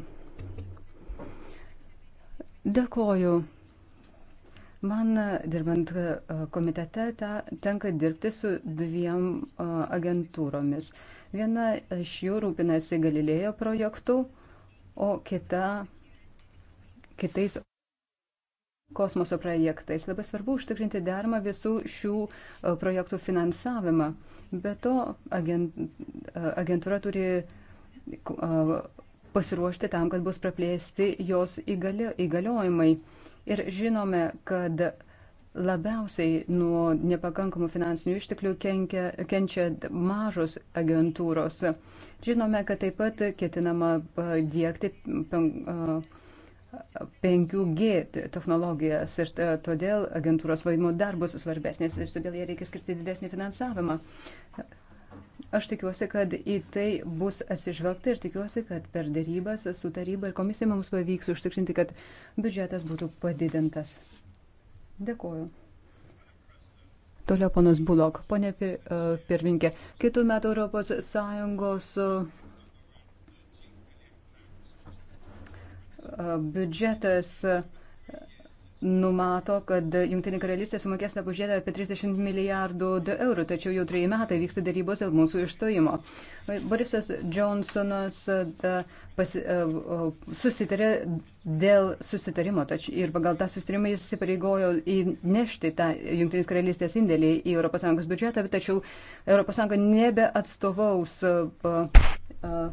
Dėkoju. Man, dirbant e, komitete, tenka dirbti su dviem e, agentūromis. Viena iš jų rūpinasi Galilėjo projektų, o kita kitais kosmoso projektais. Labai svarbu užtikrinti deramą visų šių e, projektų finansavimą. Be to, agentūra turi pasiruošti tam, kad bus praplėsti jos įgaliojimai ir žinome, kad labiausiai nuo nepakankamų finansinių išteklių kenkia, kenčia mažos agentūros. Žinome, kad taip pat ketinama dėkti 5G technologijas ir todėl agentūros vaidmo dar bus svarbesnės ir todėl jie reikia skirti didesnį finansavimą. Aš tikiuosi, kad į tai bus atsižvelgta ir tikiuosi, kad per darybas su taryba ir komisija mums pavyks užtikrinti, kad biudžetas būtų padidintas. Dėkuoju. Toliau ponas Bulok, ponė pir, e, pirminkė, kitų metų Europos Sąjungos e, biudžetas uh, numato, kad Junktinė karalystė sumokės nepažėdę apie 30 milijardų eurų, tačiau jau treji metai vyksta darybos dėl mūsų išstojimo. Borisas Johnsonas e, pasi, e, susitarė dėl susitarimo tačiau, ir pagal tą susitarimą jis įsipareigojo įnešti tą Junktinės karalystės indėlį į ES biudžetą, tačiau ES nebeatstovaus. Uh,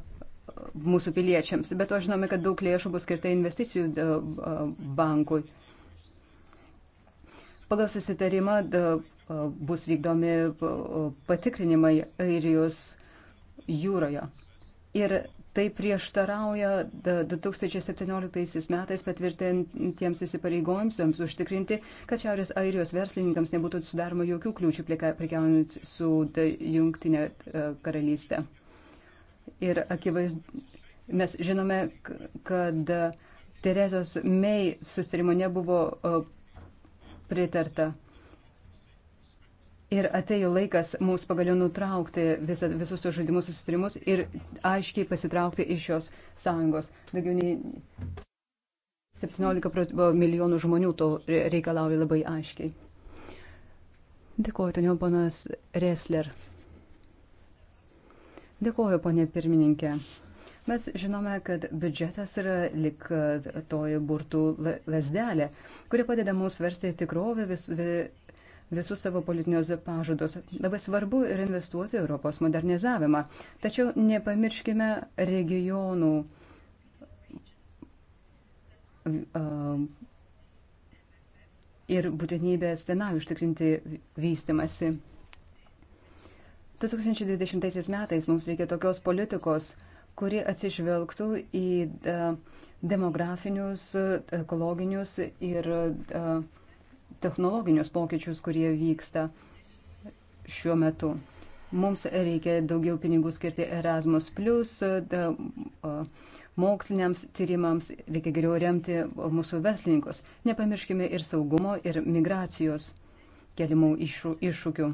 mūsų piliečiams. Bet to žinome, kad daug lėšų bus skirta investicijų bankui. Pagal susitarimą bus vykdomi patikrinimai Airijos jūroje. Ir tai prieštarauja 2017 metais patvirtintiems įsipareigojimams užtikrinti, kad Šiaurės Airijos verslininkams nebūtų sudaroma jokių kliūčių prekiaujant su jungtinė karalystė. Ir akivaizdu, mes žinome, kad Terezos May susirimo nebuvo pritarta. Ir atėjo laikas mums pagaliau nutraukti visa, visus tos žaidimus susitarimus ir aiškiai pasitraukti iš šios sąjungos. Daugiau nei 17 milijonų žmonių to reikalauja labai aiškiai. Dėkuoju, toniau ponas Resler. Dėkuoju, ponė pirmininkė. Mes žinome, kad biudžetas yra lik e, toji burtų lasdelė, kuri padeda mums versti tikrovę vis, visus savo politinius pažadus. Labai svarbu ir investuoti Europos modernizavimą. Tačiau nepamirškime regionų e, ir būtinybės tenai užtikrinti vystimasi. 2020 metais mums reikia tokios politikos, kuri atsižvelgtų į e, demografinius, ekologinius ir e, technologinius pokyčius, kurie vyksta šiuo metu. Mums reikia daugiau pinigų skirti Erasmus, e, moksliniams tyrimams, reikia geriau remti mūsų verslininkus. Nepamirškime ir saugumo, ir migracijos keliamų iššūkių.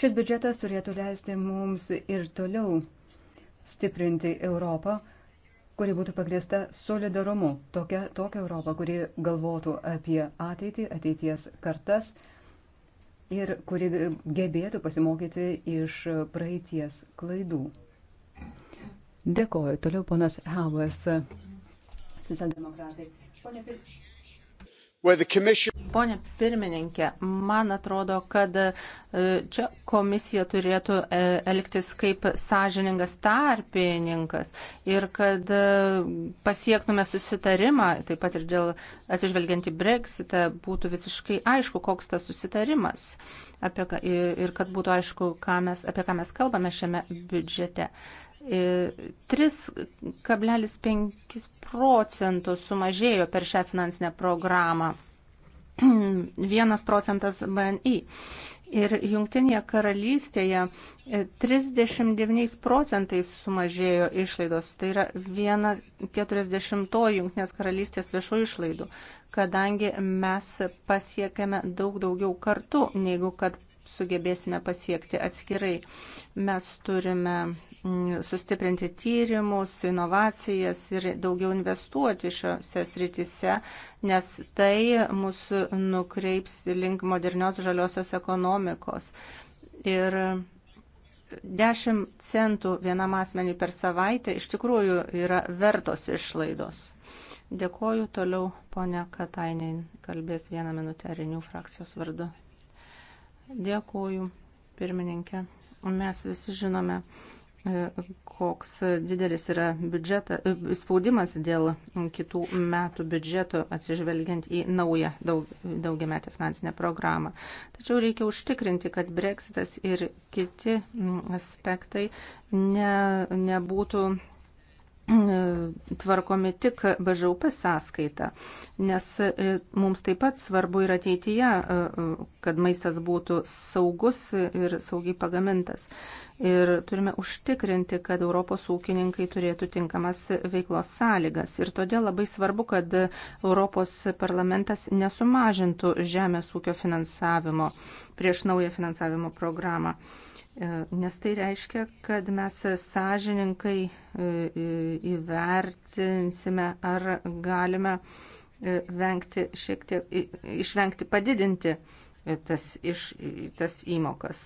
Šis biudžetas turėtų leisti mums ir toliau stiprinti Europą, kuri būtų pagrėsta solidarumu. Tokia, tokia Europa, kuri galvotų apie ateitį, ateities kartas ir kuri gebėtų pasimokyti iš praeities klaidų. Dėkoju. Toliau ponas Havas, socialdemokratai. Pone Pirmininkai. Pone pirmininkė, man atrodo, kad e, čia komisija turėtų e, elgtis kaip sąžiningas tarpininkas ir kad e, pasiektume susitarimą, taip pat ir dėl atsižvelgiant į Brexitą, būtų visiškai aišku, koks tas susitarimas apie, ir kad būtų aišku, ką mes, apie ką mes kalbame šiame biudžete. 3,5 e, procentų sumažėjo per šią finansinę programą. 1 procentas BNI. Ir Junktinėje karalystėje 39 e, procentais sumažėjo išlaidos, tai yra 1,40 Junktinės karalystės viešų išlaidų, kadangi mes pasiekėme daug daugiau kartų, negu kad sugebėsime pasiekti atskirai. Mes turime sustiprinti tyrimus, inovacijas ir daugiau investuoti šiose sritise, nes tai mus nukreips link modernios žaliosios ekonomikos. Ir 10 centų vienam asmeniui per savaitę iš tikrųjų yra vertos išlaidos. Dėkoju toliau, ponia Katainin, kalbės vieną minutę Renių frakcijos vardu. Dėkoju, pirmininkė. Mes visi žinome, E, koks didelis yra biudžeta, e, spaudimas dėl kitų metų biudžeto atsižvelgiant į naują daug, daugiametę finansinę programą. Tačiau reikia užtikrinti, kad breksitas ir kiti aspektai ne, nebūtų tvarkomi tik BŽUP sąskaita, nes e, mums taip pat svarbu ir ateityje, e, e, kad maistas būtų saugus ir saugiai pagamintas. Ir turime užtikrinti, kad Europos ūkininkai turėtų tinkamas veiklos sąlygas. Ir todėl labai svarbu, kad Europos parlamentas nesumažintų žemės ūkio finansavimo prieš naują finansavimo programą. E, nes tai reiškia, kad mes sąžininkai e, e, įvertinsime, ar galime vengti šiek tiek, išvengti padidinti tas, iš, tas įmokas.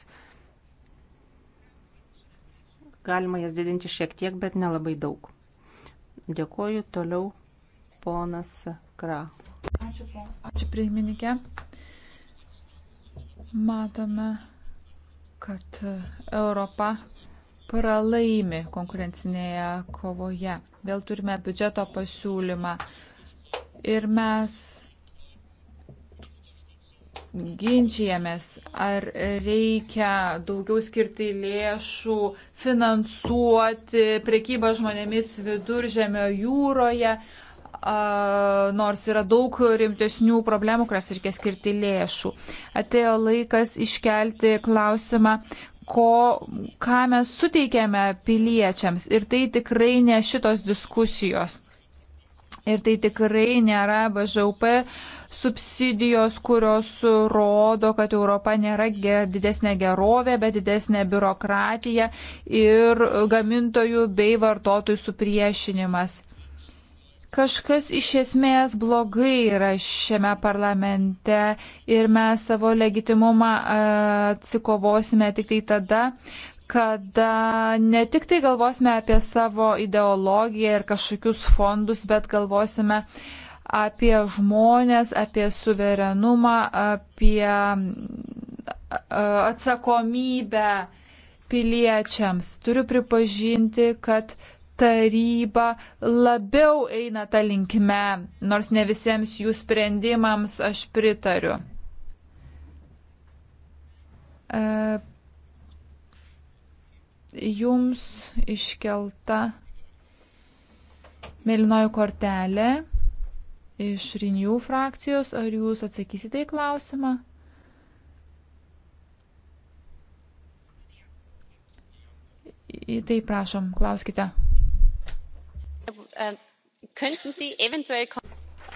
Galima jas didinti šiek tiek, bet nelabai daug. Dėkoju toliau ponas Kra. Ačiū, ačiū pirmininkė. Matome kad e, Europa pralaimi konkurencinėje kovoje. Vėl turime biudžeto pasiūlymą ir mes ginčijamės, ar reikia daugiau skirti lėšų, finansuoti prekybą žmonėmis viduržėmio jūroje, nors yra daug rimtesnių problemų, kurias reikia skirti lėšų. Atėjo laikas iškelti klausimą, ko, ką mes suteikėme piliečiams. Ir tai tikrai ne šitos diskusijos. Ir tai tikrai nėra BŽUP subsidijos, kurios rodo, kad Europa nėra ger, didesnė gerovė, bet didesnė biurokratija ir gamintojų bei vartotojų supriešinimas kažkas iš esmės blogai yra šiame parlamente ir mes savo legitimumą e, atsikovosime tik tai tada, kada ne tik tai galvosime apie savo ideologiją ir kažkokius fondus, bet galvosime apie žmonės, apie suverenumą, apie e, atsakomybę piliečiams. Turiu pripažinti, kad taryba labiau eina tą linkme, nors ne visiems jų sprendimams aš pritariu. E, jums iškelta mėlynoji kortelė iš Rinių frakcijos. Ar jūs atsakysite į klausimą? Į tai prašom, klauskite. E,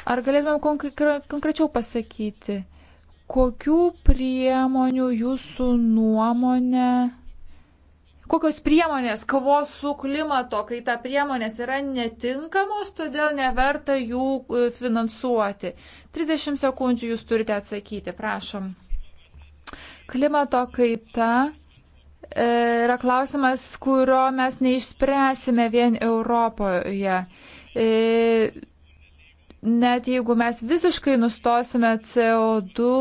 Ar galėtumėm konkre konkrečiau pasakyti, kokių priemonių jūsų nuomonė, kokios priemonės kovos su klimato kaita priemonės yra netinkamos, todėl neverta jų e, finansuoti. 30 sekundžių jūs turite atsakyti, prašom. Klimato kaita E, yra klausimas, kurio mes neišspręsime vien Europoje. E, net jeigu mes visiškai nustosime CO2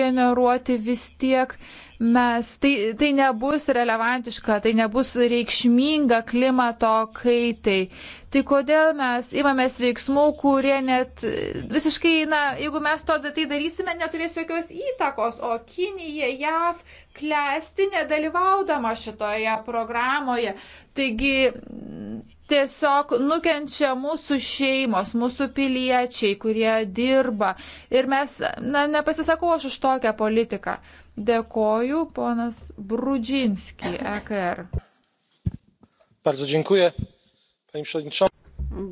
generuoti, vis tiek mes, tai, tai nebus relevantiška, tai nebus reikšminga klimato kaitai. Tai kodėl mes imamės veiksmų, kurie net visiškai, na, jeigu mes to tai darysime, neturės jokios įtakos, o Kinija, JAV klesti nedalyvaudama šitoje programoje. Taigi tiesiog nukenčia mūsų šeimos, mūsų piliečiai, kurie dirba. Ir mes, na, nepasisakau aš už tokią politiką. Dėkoju, ponas Brudžinski, EKR. Bardzo dziękuję, panie przewodniczący.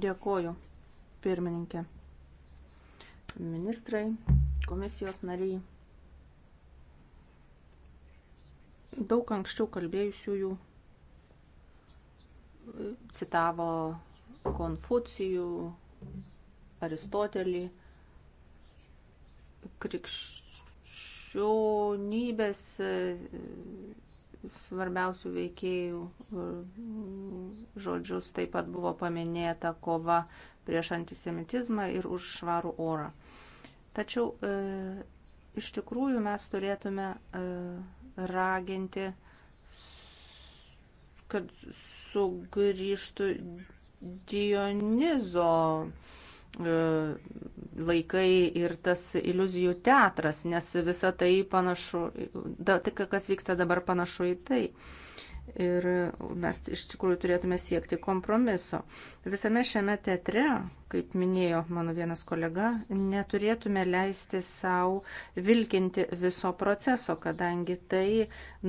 Dėkoju, pirmininkė. Ministrai, komisijos nariai. Daug anksčiau kalbėjusiųjų jų citavo Konfucijų, Aristotelį, krikščionybės e, svarbiausių veikėjų e, žodžius taip pat buvo paminėta kova prieš antisemitizmą ir už švarų orą. Tačiau e, iš tikrųjų mes turėtume e, raginti, kad sugrįžtų Dionizo e, laikai ir tas iliuzijų teatras, nes visa tai panašu, tai kas vyksta dabar panašu į tai. Ir mes iš tikrųjų turėtume siekti kompromiso. Visame šiame teatre, kaip minėjo mano vienas kolega, neturėtume leisti savo vilkinti viso proceso, kadangi tai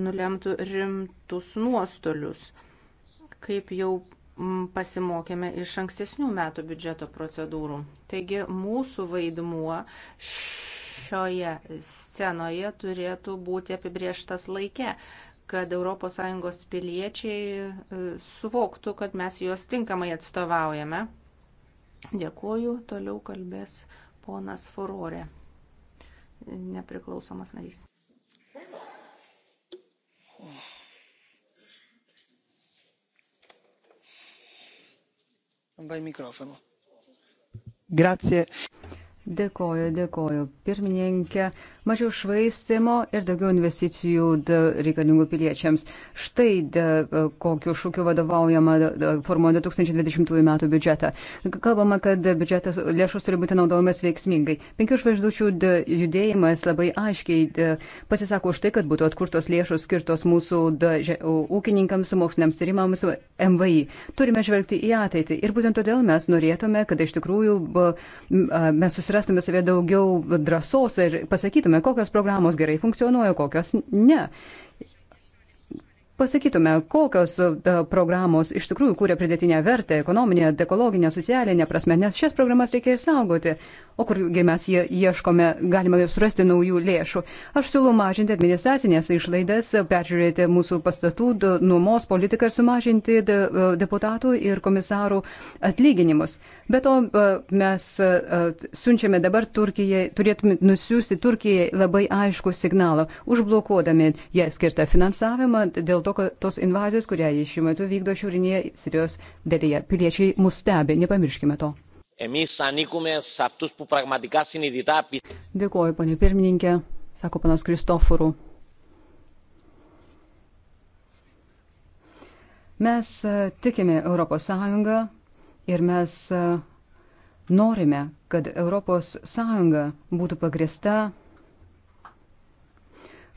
nulemtų rimtus nuostolius kaip jau pasimokėme iš ankstesnių metų biudžeto procedūrų. Taigi mūsų vaidmuo šioje scenoje turėtų būti apibrieštas laike, kad ES piliečiai e, suvoktų, kad mes juos tinkamai atstovaujame. Dėkuoju, toliau kalbės ponas Furorė, nepriklausomas narys. Grazie. Dėkoju, dėkoju. Pirmininkė, mažiau švaistimo ir daugiau investicijų reikalingų piliečiams. Štai de, kokiu šūkiu vadovaujama formuojant 2020 m. biudžetą. Kalbama, kad biudžetas lėšos turi būti naudojamas veiksmingai. Penkių žvaigždučių judėjimas labai aiškiai de, pasisako už tai, kad būtų atkurtos lėšos skirtos mūsų de, že, ūkininkams, moksliniams tyrimams, MVI. Turime žvelgti į ateitį ir būtent todėl mes norėtume, kad iš tikrųjų b, mes susitiktume surastume savie daugiau drąsos ir pasakytume, kokios programos gerai funkcionuoja, kokios ne. Pasakytume, kokios e, programos iš tikrųjų kūrė pridėtinę vertę ekonominę, ekologinę, socialinę prasme, nes šias programas reikia išsaugoti, o kurgi mes ieškome, galime surasti naujų lėšų. Aš siūlau mažinti administracinės išlaidas, peržiūrėti mūsų pastatų nuomos politiką ir sumažinti e, deputatų ir komisarų atlyginimus. Be to e, mes e, siunčiame dabar Turkijai, turėtume nusiųsti Turkijai labai aišku signalą, užblokuodami jai skirtą finansavimą dėl to, kad tos invazijos, kurią jis šiuo metu vykdo šiaurinėje Sirijos dalyje. Piliečiai mus stebi, nepamirškime to. Dėkuoju, ponė pirmininkė, sako panas Kristoforų. Mes e, tikime Europos Sąjungą, Ir mes e, norime, kad ES būtų pagrįsta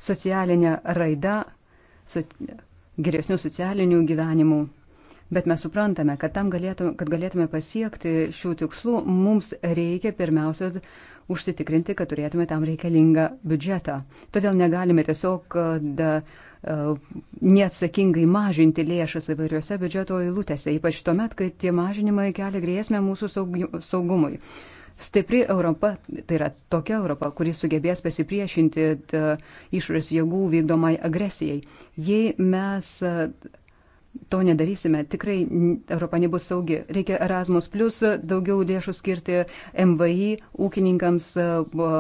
socialinė raida, geresnių socialinių gyvenimų. Bet mes suprantame, kad tam galėtume, kad galėtume pasiekti šių tikslų, mums reikia pirmiausia užsitikrinti, kad turėtume tam reikalingą biudžetą. Todėl negalime tiesiog e, da, neatsakingai mažinti lėšas įvairiuose biudžeto eilutėse, ypač tuomet, kai tie mažinimai kelia grėsmę mūsų saugumui. Stipri Europa, tai yra tokia Europa, kuri sugebės pasipriešinti išorės jėgų vykdomai agresijai. Jei mes e, to nedarysime, tikrai Europa nebus saugi. Reikia Erasmus, e, daugiau lėšų skirti MVI, ūkininkams, e,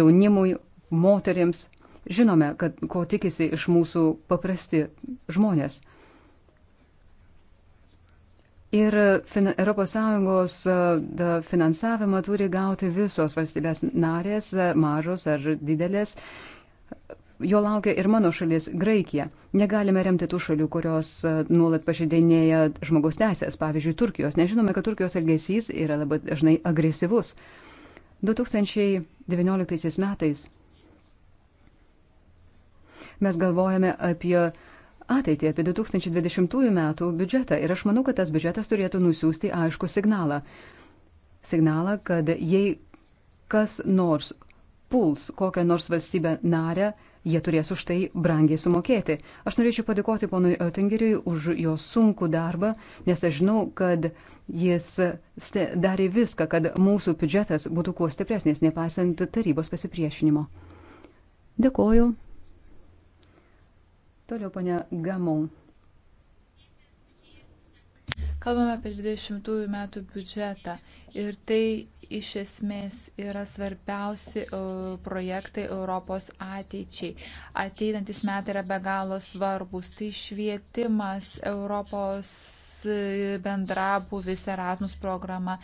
jaunimui, moteriams žinome, kad, ko tikisi iš mūsų paprasti žmonės. Ir fin, ES finansavimą turi gauti visos valstybės narės, mažos ar didelės. Jo laukia ir mano šalis - Graikija. Negalime remti tų šalių, kurios nuolat pažydinėja žmogaus teisės, pavyzdžiui, Turkijos. Nežinome, kad Turkijos elgesys yra labai dažnai agresyvus. 2019 metais mes galvojame apie ateitį, apie 2020 metų biudžetą. Ir aš manau, kad tas biudžetas turėtų nusiųsti aišku signalą. Signalą, kad jei kas nors puls kokią nors valstybę narę, jie turės už tai brangiai sumokėti. Aš norėčiau padėkoti ponui Oettingeriui už jo sunkų darbą, nes aš žinau, kad jis darė viską, kad mūsų biudžetas būtų kuo stipresnis, nepaisant tarybos pasipriešinimo. Dėkoju. Toliau, ponia Gamon. Kalbame apie 20 metų biudžetą ir tai iš esmės yra svarbiausi projektai Europos ateičiai. Ateinantis metai yra be galo svarbus. Tai švietimas Europos e, bendrabuvis Erasmus programa.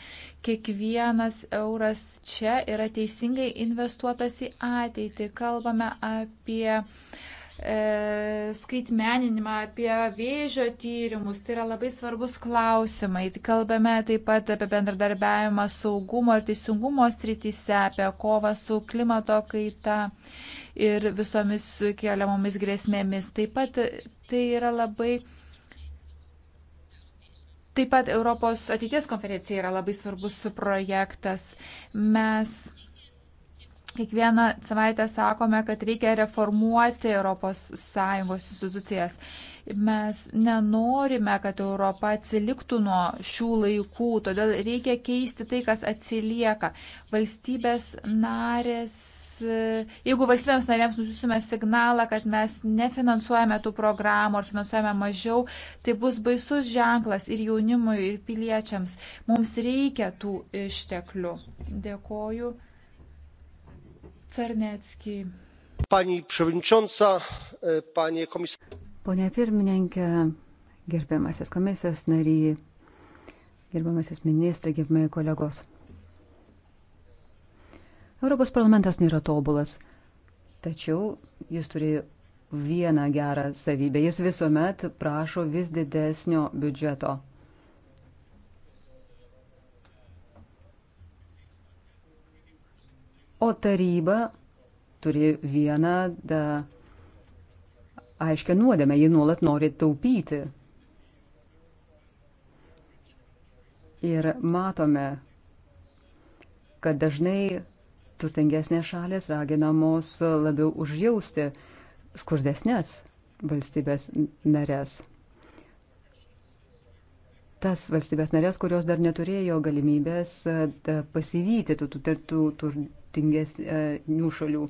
Kiekvienas euras čia yra teisingai investuotas į ateitį. Kalbame apie uh, E, skaitmeninimą, apie vėžio tyrimus. Tai yra labai svarbus klausimai. Kalbame taip pat apie bendradarbiavimą saugumo ir teisingumo srityse, apie kovą su klimato kaita ir visomis keliamomis grėsmėmis. Taip pat tai yra labai. Taip pat Europos ateities konferencija yra labai svarbus projektas. Mes Kiekvieną savaitę sakome, kad reikia reformuoti ES institucijas. Mes nenorime, kad Europa atsiliktų nuo šių laikų, todėl reikia keisti tai, kas atsilieka. Valstybės narės jeigu valstybėms narėms nusiusime signalą, kad mes nefinansuojame tų programų ar finansuojame mažiau, tai bus baisus ženklas ir jaunimui, ir piliečiams. Mums reikia tų išteklių. Dėkoju. Cernecki. Pani Previnčionsa, e, panie komisarė. Pone pirmininkė, gerbiamasis komisijos nary, gerbiamasis ministrė, gerbiamai kolegos. Europos parlamentas nėra tobulas, tačiau jis turi vieną gerą savybę. Jis visuomet prašo vis didesnio biudžeto. O taryba turi vieną da, aiškę nuodėmę, ji nuolat nori taupyti. Ir matome, kad dažnai turtingesnės šalės raginamos labiau užjausti skurdesnės valstybės narės. Tas valstybės narės, kurios dar neturėjo galimybės pasivyti tų, tų, tų, tų turtingesnių e, šalių.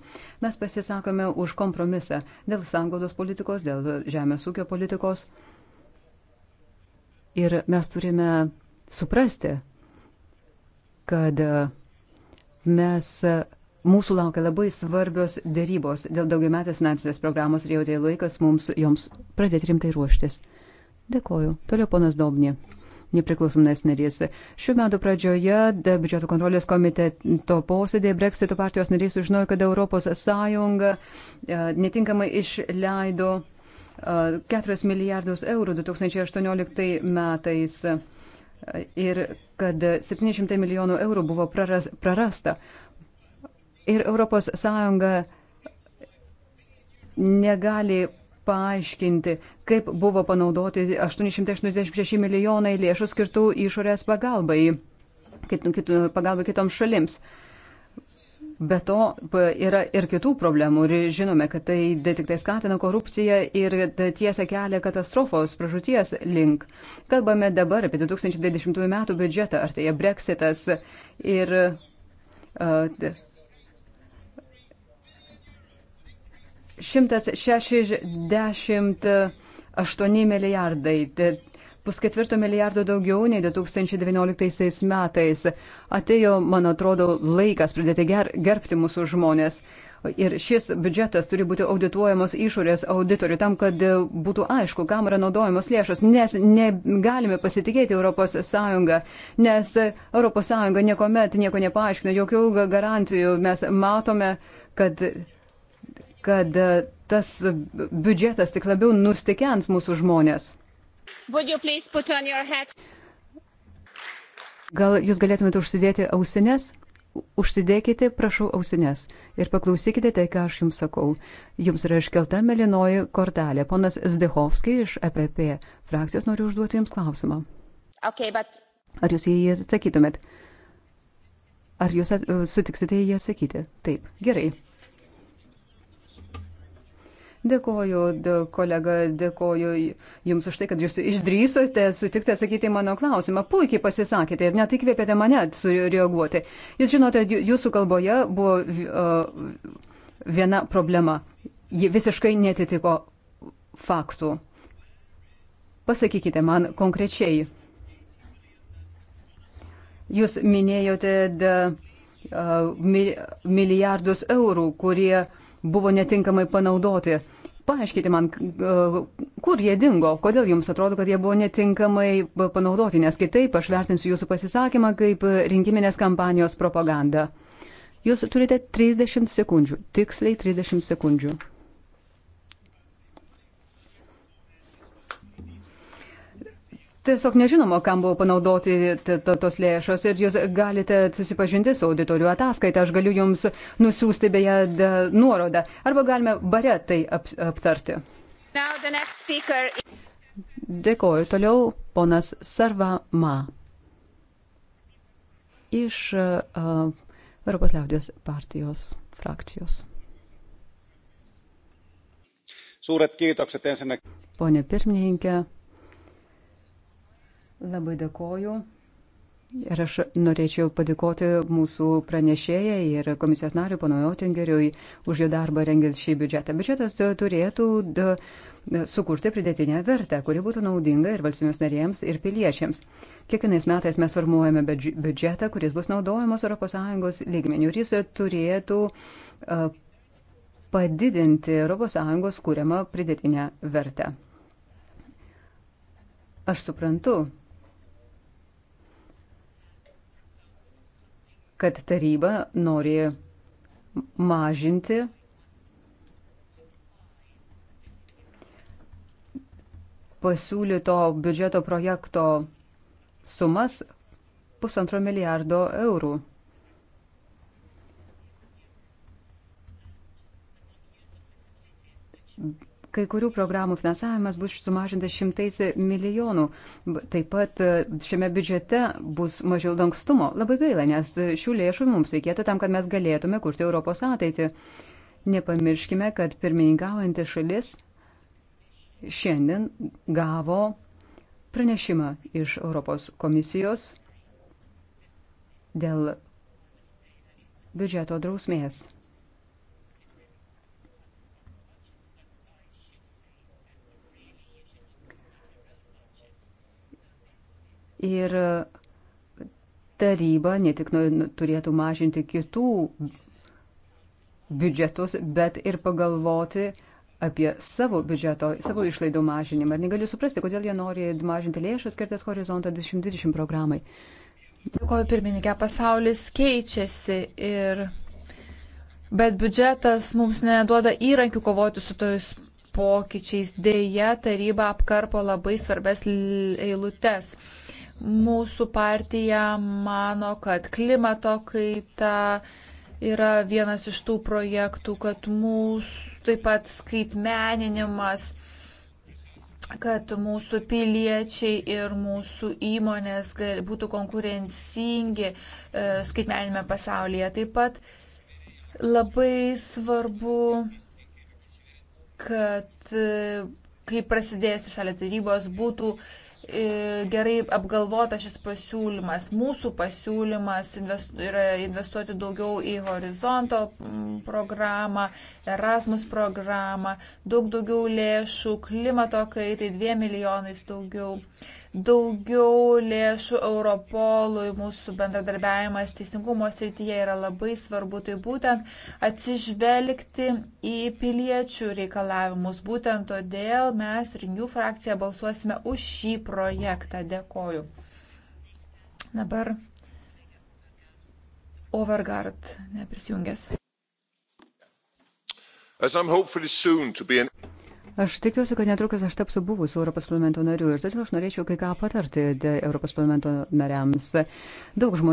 Mes pasisakome už kompromisą dėl sangodos politikos, dėl žemės ūkio politikos. Ir mes turime suprasti, kad mes, mūsų laukia labai svarbios dėrybos dėl daugiametės finansinės programos ir jau tai laikas mums joms pradėti rimtai ruoštis. Dėkoju. Toliau ponas Dobnė nepriklausomais narys. Šių metų pradžioje biudžeto kontrolės komiteto posėdėje Brexito partijos narys sužinojo, kad ES e, netinkamai išleido 4 e, milijardus eurų 2018 metais e, ir kad 700 milijonų eurų buvo praras, prarasta. Ir ES negali paaiškinti, kaip buvo panaudoti 886 milijonai lėšų skirtų išorės pagalbai, kit, kit, pagalbai kitoms šalims. Be to yra ir kitų problemų ir žinome, kad tai tik tai skatina korupciją ir tiesą kelia katastrofos pražūties link. Kalbame dabar apie 2020 metų biudžetą, ar tai breksitas ir uh, 168 milijardai, tai pusketvirto milijardo daugiau nei 2019 metais. Atėjo, man atrodo, laikas pradėti ger gerbti mūsų žmonės. Ir šis biudžetas turi būti audituojamos išorės auditorių tam, kad būtų aišku, kam yra naudojamos lėšos, nes negalime pasitikėti ES, nes ES niekuomet nieko nepaaiškina, jokių garantijų mes matome, kad kad e, tas biudžetas tik labiau nustikens mūsų žmonės. Gal jūs galėtumėte užsidėti ausinės? Užsidėkite, prašau, ausinės ir paklausykite tai, ką aš jums sakau. Jums yra iškelta melinoji kortelė. Ponas Zdehovskis iš EPP frakcijos nori užduoti jums klausimą. Okay, but... Ar jūs į jį atsakytumėt? Ar jūs at... sutiksite į jį atsakyti? Taip, gerai. Dėkoju, kolega, dėkoju Jums už tai, kad Jūs išdrysote sutikti atsakyti mano klausimą. Puikiai pasisakėte ir net įkvėpėte mane sureaguoti. Jūs žinote, Jūsų kalboje buvo uh, viena problema. Ji visiškai netitiko faktų. Pasakykite man konkrečiai. Jūs minėjote de, uh, mi, milijardus eurų, kurie buvo netinkamai panaudoti. Paaiškite man, e, kur jie dingo, kodėl jums atrodo, kad jie buvo netinkamai e, panaudoti, nes kitaip aš vertinsiu jūsų pasisakymą kaip e, rinkiminės kampanijos propagandą. Jūs turite 30 sekundžių, tiksliai 30 sekundžių. Tiesiog nežinoma, kam buvo panaudoti tos lėšos ir jūs galite susipažinti su auditorių ataskaita. Aš galiu jums nusiųsti beje nuorodą arba galime bare tai ap aptarti. Speaker... Dėkoju. Toliau ponas Sarvama iš uh, Europos liaudės partijos frakcijos. Suuret kiitokset ensinnäkin. Pone pirmininkė, Labai dėkoju. Ir aš norėčiau padėkoti mūsų pranešėjai ir komisijos nariu pono Jotingeriui už jo darbą rengiant šį biudžetą. Biudžetas turėtų sukurti pridėtinę vertę, kuri būtų naudinga ir valstybės narėms, ir piliečiams. Kiekvienais metais mes formuojame biudžetą, kuris bus naudojamas ES lygmenių ir jis turėtų padidinti ES kūriamą pridėtinę vertę. Aš suprantu, kad taryba nori mažinti pasiūlyto biudžeto projekto sumas pusantro milijardo eurų. Thank you kai kurių programų finansavimas bus sumažintas šimtais milijonų. Taip pat e, šiame biudžete bus mažiau lankstumo. Labai gaila, nes šių lėšų mums reikėtų tam, kad mes galėtume kurti Europos ateitį. Nepamirškime, kad pirmininkaujanti šalis šiandien gavo pranešimą iš Europos komisijos dėl biudžeto drausmės. Ir taryba ne tik nu, turėtų mažinti kitų biudžetus, bet ir pagalvoti apie savo biudžeto, savo išlaidų mažinimą. Ir negaliu suprasti, kodėl jie nori mažinti lėšas skirtas Horizontą 2020 programai. Dėkuoju pirmininkė, pasaulis keičiasi ir. Bet biudžetas mums neduoda įrankių kovoti su tojus pokyčiais. Deja, taryba apkarpo labai svarbes eilutes. L Mūsų partija mano, kad klimato kaita yra vienas iš tų projektų, kad mūsų taip pat skaitmeninimas kad mūsų piliečiai ir mūsų įmonės būtų konkurencingi e, skaitmeninėme pasaulyje. Taip pat labai svarbu, kad e, kai prasidės šalia tarybos būtų E, gerai apgalvota šis pasiūlymas. Mūsų pasiūlymas yra investuoti daugiau į horizonto programą, Erasmus programą, daug daugiau lėšų, klimato kaitai 2 milijonais daugiau daugiau lėšų Europolui, mūsų bendradarbiavimas teisingumo srityje yra labai svarbu, tai būtent atsižvelgti į piliečių reikalavimus. Būtent todėl mes Rinių frakcija balsuosime už šį projektą. Dėkoju. Dabar Overgard neprisijungęs. As I'm hopefully soon to be an Aš tikiuosi, kad netrukus aš tapsiu buvusiu Europos parlamento nariu ir todėl aš norėčiau kai ką patarti Europos parlamento nariams. Daug žmonių.